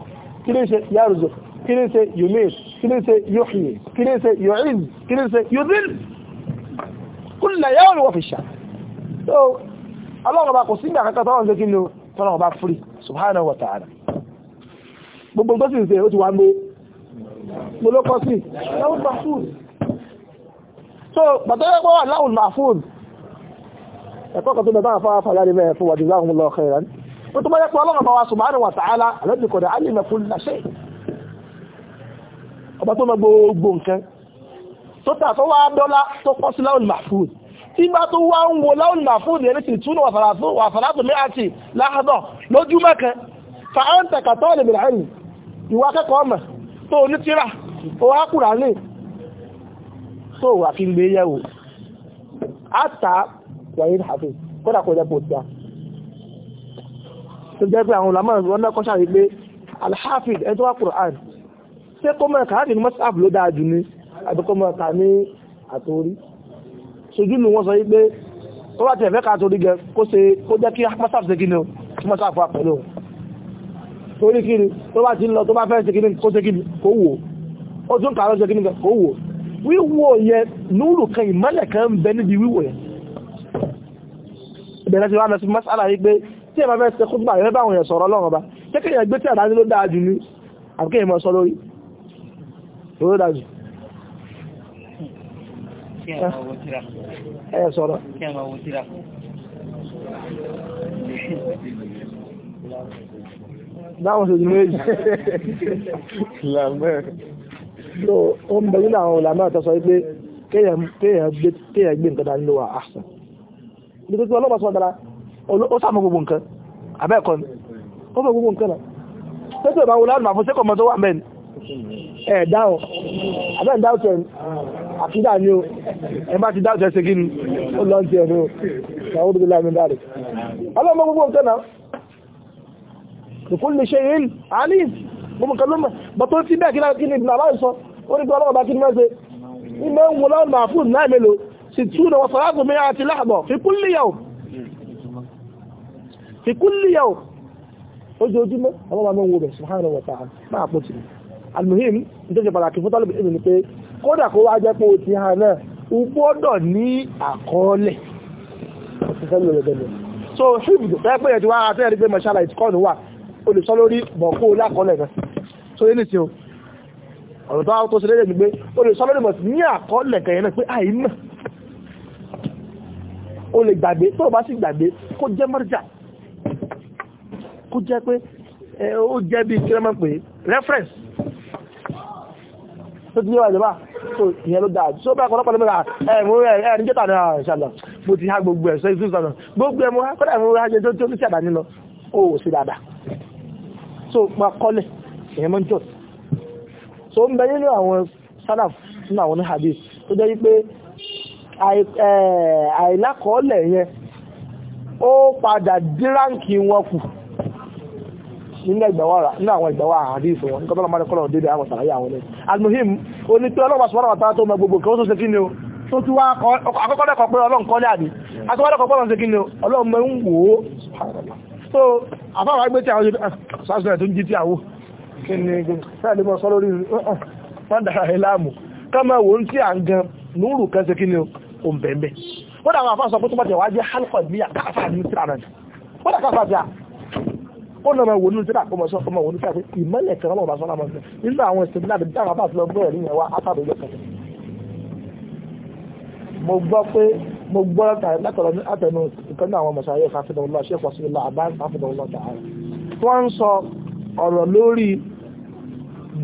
kí ló ń ṣe yàrùzọ kí ló ń ṣe yùmí kí ló ń ṣe yòhìí kí ló ń ṣe yòhìn kí ló ń ṣe yòdìlì kúlẹ̀ yẹ́ òrùwọ̀ fi ṣà so ọlọ́rọ̀bá kò sígbà kankan tọ́rọ̀ ṣe kí ni tọ́rọ̀bá fúrí subhanahu wa ta'ala gbogbo tó sì ń ṣe ó ti wá mú molókọ́ sí láwùn so bàtọ́rẹ́pọ̀ wà láwùn mahfuz ẹ̀kọ́ kan tó bẹ̀ bá fáwà fà láti bẹ̀rẹ̀ fún wà jazahumullahu khairan ó tó bá yẹ́pọ̀ ọlọ́rọ̀bá wa subhanahu wa ta'ala alẹ́dìkọ̀dẹ̀ alìmẹ̀kùn làṣẹ́ ọba tó mọ gbogbo nǹkan tó tà tó wá dọ́lá tó kọ́ sí láwọn mahfuz ìgbà tó wá ń wo láwọn mahfuz yẹn sì túnú wàfàlátò mẹ́àtì láàbọ̀ lójúmọ́ kan fa á ń tẹ̀kà tó lè bẹ̀rẹ̀ àyìn ìwà akẹ́kọ̀ọ́ mọ̀ tó ní tíra ó wá kùrà ní tó wà fi gbé yẹ̀wò á ta wàyí hàfin kódà kó jẹ́ pò tí a tó jẹ́ pé àwọn olàmọ́ ìwọ́n náà kọ́ṣà wípé alhafid ẹjọ́ wà kùrà ní ṣé kó mọ̀ kàádìí ní àbíkọ́ máa kà ní àtòrí sojú ni wọ́n sọ yí pé tó bá tẹ̀fẹ́ ká torí gẹ kó ṣe kó jẹ́ kí mọ́sáàf ṣe kíni o mọ́sáàf wà pẹ̀lú torí kíni tó bá ti ń lọ tó bá fẹ́ ṣe kíni kó ṣe kíni kó wò ó tún kàrọ ṣe kíni kó wò wíwò yẹ núrù kan ìmọ́lẹ̀ kan ń bẹ níbi wíwò yẹ ìbẹ̀rẹ̀ ti wá lọ sí mọ́sáàlá yí pé tí ẹ̀bá fẹ́ ṣe kó gbà yẹ báwọn yẹn sọ̀rọ̀ ọlọ́run ọba jẹ́ kí yẹn gbé tí àdáni ló dáa jù ní àbíkẹ́yìn mọ́ sọ lórí ló ẹ sọ̀rọ̀ dáwọn ṣe méjì so ó ń bẹ̀rẹ̀ àwọn olàmọ́ àtọ́sọ wípé kéèyàn gbé nǹkan dání ló wà áṣà nítorí pé ọlọ́pàá sọ́dọ̀ dára ó sàmọ́ gbogbo nǹkan àbẹ́ẹ̀kọ́ ni ó fẹ́ gbogbo nǹkan náà pẹ́tẹ̀ ìbáwọlá àmà fún sẹ́kọ̀ọ́mọ́ tó wà mẹ́rin ẹ̀ dáhùn àbẹ́ẹ̀ dáhùn àkídà ní o ẹ̀bá ti dáàtọ̀ ẹsẹ̀ gíní ó lọ ti ẹ̀rọ ṣàwọn òdúgbò láàrin dáàrẹ̀ ọlọ́mọ gbogbo ọ̀tọ́ náà kùkún lè ṣe yìí àní gbogbo kan lọ́mọ bọ́ tó ti bẹ́ẹ̀ kínáà kíní ìbìnà aláìsọ ó ní pé ọlọ́mọ bá kíní mẹ́sẹ̀ ìmọ̀ ń wọlọ́ ọ̀nà àfún náà mélòó sì tú ní wọ́n sọ̀rọ̀ mi àti láàbọ̀ fìkúlìyàwó ojoojúmọ́ àwọn ọmọ wo bẹ̀ subhanahu wa ta'ala máa pọ̀ sí almuhim kódà kó wá jẹ́ pé o ti hàn náà o gbọ́dọ̀ ní àkọọ́lẹ̀ so ṣíbùdó pẹ́pẹ́ ẹ̀tí wá àtẹ́rí pé o ọ̀rọ̀ tó tó sílẹ̀ ní àkọọ́lẹ̀ kẹyẹ pé àìmọ̀ o lè gbàgbé tó bá sì gbàgbé kó jẹ́ mọ́rìjà kó jẹ́ pé ó jẹ́ bí kí lọ́mọ́ pé reference tó ti yẹ́ wà so ìyẹn ló dáa so báyìí ọ̀pọ̀lọpọ̀ lọ́pọ̀ ẹ̀mú ẹ̀rin jẹ́ta ní àṣàlọ̀ ah, mo ti ha gbogbo ẹ̀ sọ gbogbo ẹ̀mú kọ́dà ha ẹ̀jẹ̀ tó tó ní nínú ó sì dáadáa so pa kọ́lẹ̀ ìyẹn ń bẹ nínú àwọn sálàf nínú àwọn tó jẹ́ wípé yẹn ó padà wọn kù nínú ẹgbẹ̀wà rà nínú àwọn ẹgbẹ̀wà àdíìsì wọn nǹkan tọ́lọ́mọ́ kọ́lọ̀ dédé àwọn sàlàyé àwọn ilẹ̀ almuhim o ní pé ọlọ́pàá sọ́rọ̀ àtàrà tó mọ gbogbo kan ó tó o tó ti wá akọ́kọ́ dẹ́kọ̀ pé ọlọ́run kọ́lé àbí akọ́kọ́ dẹ́kọ̀ pé ọlọ́run o ọlọ́run mẹ́ ń wò ó so àfáwà gbé tí àwọn sàṣẹ tó ń jí tí àwọ kí ni fẹ́ẹ̀ ní mọ́ sọ lórí wọ́n dára ẹ̀ láàmù ká máa wò ó tí o bẹ̀ẹ̀bẹ̀ wọ́n dà àwọn àfáà sọ pé tó bá tẹ̀ wá jẹ́ hálùkọ̀ ìgbéyà káfà ní tíra náà wọ́n dà ó lọ́mọ wò nínú tíra kọmọ sọ́kọ́ mọ̀ wò ní sáfẹ́ ìmọ́lẹ̀ kan lọ́wọ́ bá sọ́nà mọ̀ sí nínú àwọn ìsinmi láti dára bá sílọ bẹ́ẹ̀ ní ẹ̀wà átàdé ọjọ́ kan mo gbọ́ pé mo gbọ́ látọ̀rọ̀ ní àtẹnu ìkànnì àwọn ọmọ sàárẹ̀ fàfidà ọlọ́ ṣe fọ́ sí ilá àbá fàfidà ọlọ́ tààrà wọ́n ń sọ ọ̀rọ̀ lórí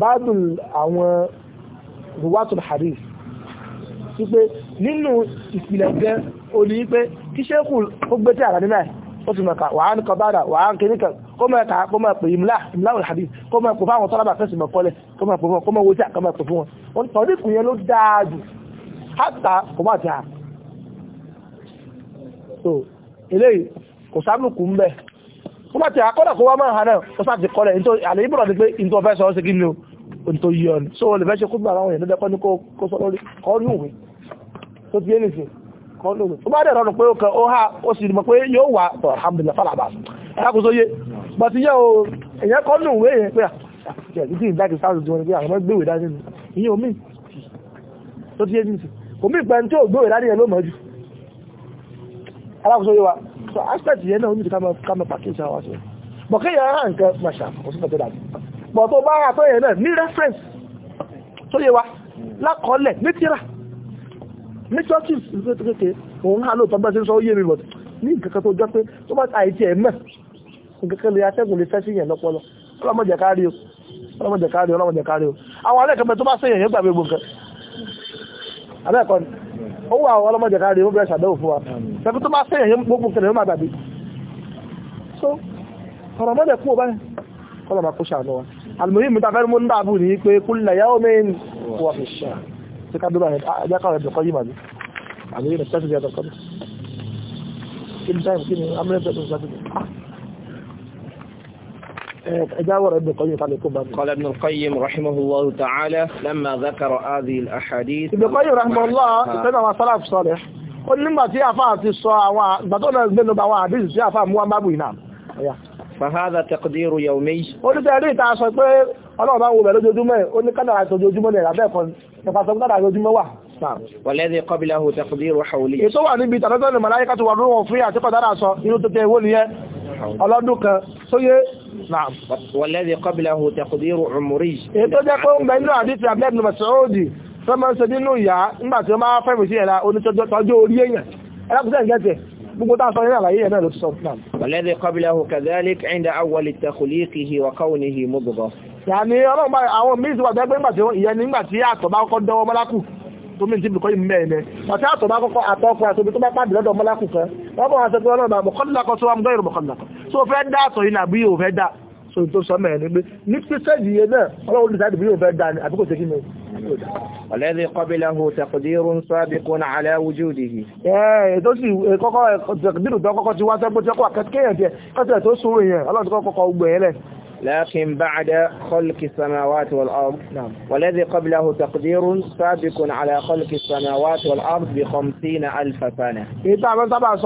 bábùl àwọn ruwatul hadith wípé nínú ìpìlẹ̀ gan oní pé kí ṣékù ó gbé tí àrà nínú ẹ̀ ó fi mọ̀ká wà á ní kọbára wà á ń kiri kan kó mọ̀ ẹ̀ka kó mọ̀ pè ìmúlá ìmúlá òun hadith kó mọ̀ pè fún àwọn tọ́lábà fẹ́sì mọ̀ kọ́lẹ̀ kó mọ̀ pè fún kó mọ̀ wọ́jà kó mọ̀ pè fún wọn wọn tọ́ nípìn yẹn ló dáa jù hátà kò má ti hà so eléyìí kò sáàmù kù ń bẹ̀ kó má ti hà kọ́dà kó wá máa hà náà ó sá ti kọ́lẹ̀ nítorí àlè ìbúrọ̀ ni pé nítorí fẹ́ sọ ọ́ o nítorí yọ ni so olùfẹ́ ṣe kó gbà àwọn èèyàn lọ́dẹ́kọ́ ní kó sọ lórí kọ́ ní òwe tó ti kan lóòrùn tó bá dẹ̀ rọrùn pé ó kan ó há o èyàn kan ah, wa so aspect yẹn náà ó ní ti ká mọ pàkíyèsí àwọn aṣọ bọ̀ kéèyàn rà nǹkan mọ̀ṣà kò sí pàtó dàbí bọ̀ tó bá rà tó yẹn náà ní reference tó yé wa lákọọ́lẹ̀ ní tíra ní churches kékeré òun náà lóòótọ́ bá ṣe ń sọ yé mi bọ̀ ní nǹkan tó jọ pé tó bá ta àìtí ẹ̀ mẹ́ nǹkan lè atẹ́gùn lè fẹ́ sí yẹn lọ́pọlọ ọlọ́mọdé kárí o ọlọ́mọdé kárí o ọlọ́mọdé o àwọn alẹ́kẹ̀ẹ́ tó bá sẹ́yìn yẹn gbàgbé gbogbo abẹ́ẹ̀kọ́ ni ó wà àwọn ọlọ́mọdé o bẹ̀rẹ̀ ṣàdéhùn fún wa tẹ́kù tó bá sẹ́yìn so ọ̀rọ̀ mọ́dé kú ọba kọ́lọ̀ máa kó ṣàánú wa alùmọ̀yìn mi ta fẹ́ mú ń dàbù ní pé kúlẹ̀ yàwó mi wà fi تكعد بقى يعني، آه، ده قاعدة القيمة دي يعني ايه نستفيد هذا القدر كل ده يمكن أمر يبدأ نستفيد اجاور ابن القيم عليكم بابي. قال ابن القيم رحمه الله تعالى لما ذكر هذه الأحاديث ابن القيم رحمه الله سنة مع صلاة صالح قل لما تيافا تصوى بدون منه بوا بيز تيافا مو ما بو نعم. ينام فهذا تقدير يومي قل تاريخ عشان الله ما هو بلد جمعه قلت كان عايز جمعه لا بقى ìfàsọ́gbọ́dà ojúmọ́ wà wọ̀lẹ́dẹ̀ kọbílá hù tẹ̀kùdírò haulí ètò wà níbi tàbátọ́nà màláíkà tó wà ní wọn fún àti kọ̀dára sọ inú tó tẹ ewó ni yẹ ọlọ́dún kan sóyé wọ̀lẹ́dẹ̀ kọbílá hù tẹ̀kùdírò jẹ́ yàní ọlọ́run bá àwọn míì síwájú ẹgbẹ́ ńgbà tí ìyẹn nígbà tí àtọ̀ bá kọ́kọ́ dọ́wọ́ mọ́lákù tó mìí tí bìkọ́ ìmú mẹ́rin àti àtọ̀ bá kọ́kọ́ àtọ́kọ́ àti omi tó bá pàdé lọ́dọ̀ mọ́lákù kan wọ́n bọ̀ wọ́n sọ pé ọlọ́run bá mọ̀kọ́lákọ́ tó wà mọ́ ìrù mọ̀kọ́lákọ́ tó fẹ́ dá àtọ̀ yìí nàbí yóò fẹ́ الله so tó sọ mẹ́rin ni pé ní pípẹ́ yìí náà ọlọ́run lè sáàdì bí yóò fẹ́ dá ni àbíkò tẹ́kí mi. ọ̀lẹ́dí kọ́bílẹ̀hù tẹ̀kùdírù ń sábì kún àlẹ́ wùjúdì yìí. ẹ tó sì kọ́kọ́ tẹ̀kùdírù tó kọ́kọ́ ti wá sẹ́gbó tí wọ́n kọ́ akẹ́kẹ́ yẹn tiẹ̀ kọ́sẹ̀ tó sùn yẹn ọlọ́run tó kọ́kọ́ gbẹ̀yẹn lẹ̀ لكن بعد خلق السماوات والأرض والذي قبله تقدير سابق على خلق السماوات والأرض بخمسين ألف سنة طبعا طبعا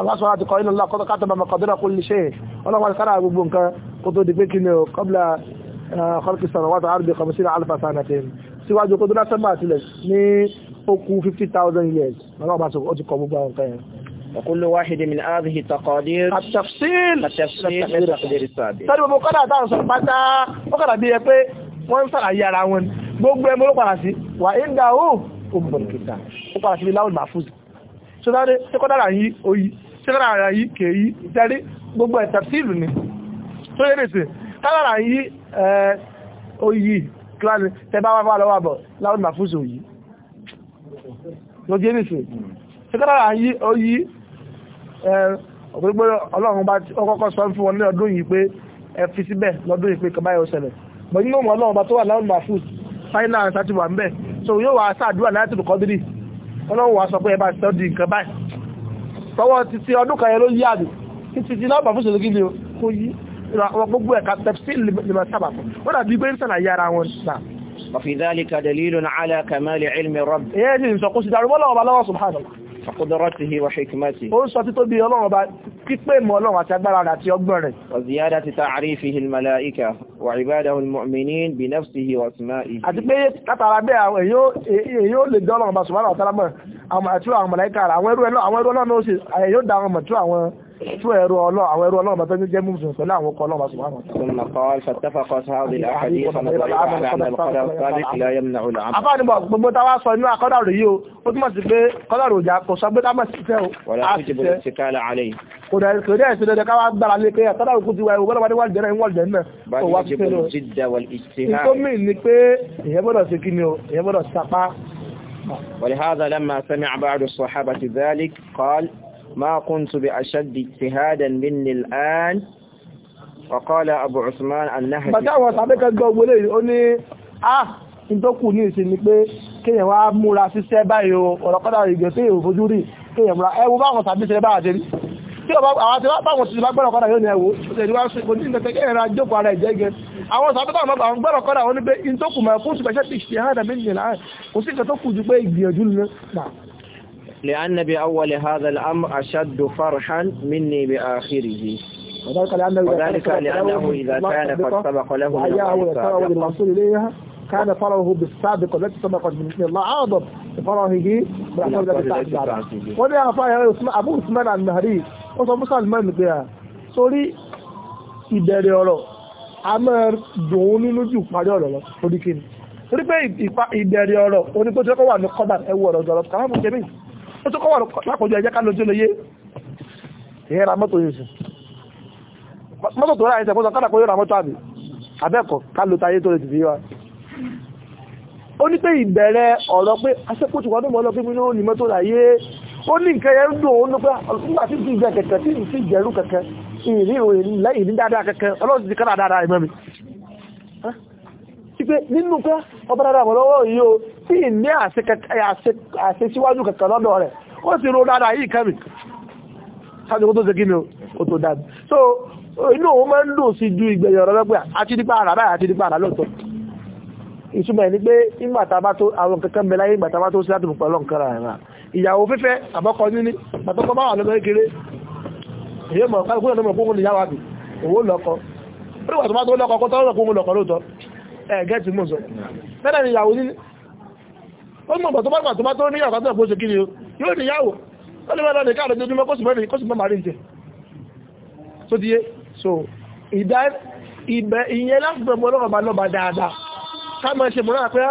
الله سبحانه قائل الله قد كتب مقادير كل شيء الله قد كتب ببنك قد بكنه قبل خلق السماوات والأرض بخمسين ألف سنة سواء قدرات سماء سلس ni ó 50,000 years. Ọlọ́pàá sọ, ó ti kọ gbogbo وكل واحد من هذه التقادير التفصيل التفصيل من التقدير السابق sari gbogbo kọ́dà táwọn sọ pátá ó kọ́dà bí ẹ pé wọ́n ń sàlàyé ara wọn gbogbo ẹmọ́ ló padà sí wà ń dá ó òmùgbọ̀n kìtà ó padà sí ilé láwọn màfúzì tó dáre tí kọ́dà rà yí oyí tí kọ́dà rà yí kèyí tẹ́rí gbogbo ẹ̀ tafsílù ni tó yẹ nìsí kọ́dà rà yí oyí kíláni tẹ́ bá wá lọ́wọ́ àbọ̀ láwọn màfúzì oyí lójú nìsí tí kọ́dà rà yí oyí ọ̀pẹ́gbẹ́ ọlọ́run bá ọkọ̀kọ́ sọ fún wọn ní ọdún yìí pé ẹ síbẹ̀ lọ́dún yìí kọba yóò ṣẹlẹ̀ so yóò láti ọlọ́run sọ pé nǹkan báyìí tọwọ́ títí ọdún kan yẹn ló yí àdì títí láwọn ló kó yí gbogbo ẹ̀ka sábà dàbí pé ń ọkùdọ́rọ́tìhì wa hikmati. ó ń sọ tító bí ọlọ́run bá pípé mọ́ ọlọ́run àti agbára rẹ̀ àti ọgbọ́n rẹ̀. ọ̀zíyádá ti ta àrífi hilmalaika wà ìbádá olùmọ̀mìnín bí nẹ́fṣìhì wà túnmá ìhì. àti pé látara bẹ́ẹ̀ àwọn èyí ó lè dọ́lọ́run bá sùmọ́ràn ọ̀tá lámọ̀ àti àwọn mọ̀láíkà rẹ̀ àwọn ẹrú ọlọ́run ó sì yóò dá àwọn mọ̀ fún ẹ̀rọ ọlọ́run àwọn ẹ̀rọ ọlọ́run bàtà ní jẹ́ mùsùlùmí pẹ̀lú àwọn ọkọ̀ ọlọ́run bàtà wọn. ثم قال فاتفق أصحاب الأحاديث أن القدر الثابت sọ inú àkọ́dà sí pé kọ́dà ما كنت بأشد اجتهادا مني الآن وقال أبو عثمان النهدي bàtí àwọn sàbẹ́ kan gbọ́ wọlé ó ní ah in tó kù ní ìsin ni pé kíyàn wá múra síṣẹ́ báyìí ọ̀rọ̀kọ́dà ìgbẹ̀ tí èèyàn fojú rí kíyàn múra ẹwú báwọn sàbí ṣe bá àdérí tí àwọn ti báwọn ṣe bá gbọ́rọ̀kọ́dà yóò ní ẹwú àwọn sàbẹ́ báwọn bá ń gbọ́rọ̀kọ́dà ó ní pé in tó kù mọ̀ fún ṣùgbẹ́ṣẹ́ ti ṣe hàn لأن بأول هذا الأمر أشد فرحا مني بآخره وذلك لأنه, وذلك لأنه إذا كان قد سبق له من الوصول كان فرحه بالسابق التي سبقت من الله أعظم فرحه بالأحساب التي تحت وده أفعل أبو عثمان النهري وصف سلمان بها سوري ìbẹ̀rẹ̀ ọ̀rọ̀ a máa dùn ún nínú jù parí ọ̀rọ̀ lọ oríkìní torí pé ìbẹ̀rẹ̀ ọ̀rọ̀ oníkójú wà ní kọ́bà ẹwọ ọ̀rọ̀ ọ̀rọ̀ kàrámù jẹ́mìí ó tó kọ́wọ́ lápọ̀jù ẹ̀jẹ́ ká lójú lóye ìyẹn ra mọ́tò yìí sùn mọ́tò tó rà ẹ̀sẹ̀ fọ́sọ kádà kó yóò ra mọ́tò àbí abẹ́ẹ̀kọ́ ká ló tayé tó lè tìbí wa ó ní pé ìbẹ̀rẹ̀ ọ̀rọ̀ pé aṣẹ́kùtù wọn mọ́ lọ́pẹ́ nínú ní mọ́tò láyé ó ní nǹkan yẹn ń dùn ó ní pé nígbà tí ti jẹ kẹ̀kẹ́ tí ti jẹ̀rú kẹ̀kẹ́ ìrìn òyìn lẹ́yìn ní dáadáa kẹ̀kẹ́ ọlọ́run ti kára dáadáa ìmọ̀ mi pé nínú pé ọba dáadáa mọ̀ lọ́wọ́ yìí o tí ní àṣeṣíwájú kankan lọ́dọ̀ rẹ̀ ó sì rò dáadáa yìí kẹ́mì sáàjú kó tó ṣe kí ni ó tó dáadáa so inú òun máa ń dùn sí ju ìgbẹ̀yìn ọ̀rọ̀ lọ́gbẹ̀ àti nípa àrà báyìí àti nípa àrà lọ́tọ̀ ìtumọ̀ ẹni pé ìgbàtàbá tó àwọn kankan mẹ́láyé ìgbàtàbá tó sí láti mọ̀ pẹ̀lọ́ nǹkan rà ìyàwó fífẹ́ àbọ́kọ níní pàtọ́kọ́ bá wà lọ́mọ kékeré èyí mọ̀ kálukú náà mọ̀ kó wọn ìyáwó àbì òwò lọ́kọ ó ní wà tó bá tó lọ́kọ kó tọ́lọ́kọ lọ́kọ lóòótọ́ ẹ̀ gẹ́ẹ̀tì mọ̀ sọ ó mọ̀ bọ̀ tó bá gbà tó bá tó ní ọ̀gá tó ẹ̀kọ́ ṣe kí ni yóò ní yàwó ó lè mẹ́rin káàdé ojúmọ́ kó sì mẹ́rin kó sì mẹ́rin àríjẹ tó díye so ìdá ìbẹ̀ ìyẹn láti gbẹ̀mọ́ ọlọ́rọ̀ bá lọ́ba dáadáa ká mọ̀ ṣe mọ́ra pé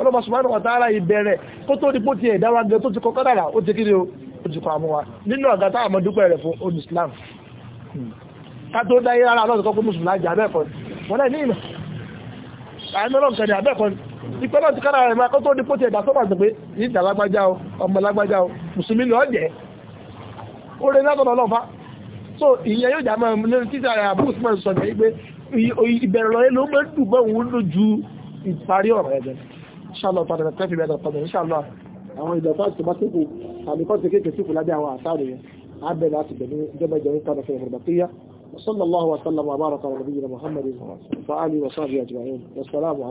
ọlọ́ba sùmọ́nà ọ̀tá ara ìbẹ̀rẹ̀ kó tó dípò ti ẹ̀dá wa gẹ tó ti kọ́ kádàrà ó ti kí ni ó ti kọ́ àmúwa nínú ọ̀gá táwọn ọmọ dúpẹ́ rẹ̀ fún old Islam hmm. ká tó dáyé rárá ọlọ́dún kọ́kọ́ mùsùlùmí àjẹ́ abẹ́ẹ̀kọ́ wọ́n náà ní ìmọ̀ àìmọ́lọ́nkẹ́ ni abẹ́ẹ̀kọ́ ìpẹ́ náà ti kára rẹ̀ máa kó tó ní pótí ẹ̀dà sọ́bà tó pé ìdà lágbájá o ọmọ lágbájá o mùsùlùmí lọ jẹ́ ó rẹ̀ látọ̀nà ọlọ́fà so ìyẹn yóò jà máa lórí títà rẹ̀ àbúrò sí mọ̀ sọ̀rọ̀ pé ìbẹ̀rẹ̀ lọ́yẹ́ ló mẹ́ dùgbọ́ òun ló ju ìparí ọ̀rọ̀ ẹ̀jẹ̀ ṣàlọ́ tọ̀dọ̀ tẹ́ fi bẹ̀rẹ̀ tọ̀dọ̀ ṣàlọ́ àwọn ìdọ̀fà tó bá tókù àmì kọ́ ti kéèké síkù lábẹ́ àwọn àtàrí yẹn عبد العتب بن جبل جميل كان في الرباطية وصلى الله وسلم وبارك على نبينا محمد وآله وصحبه أجمعين والسلام عليكم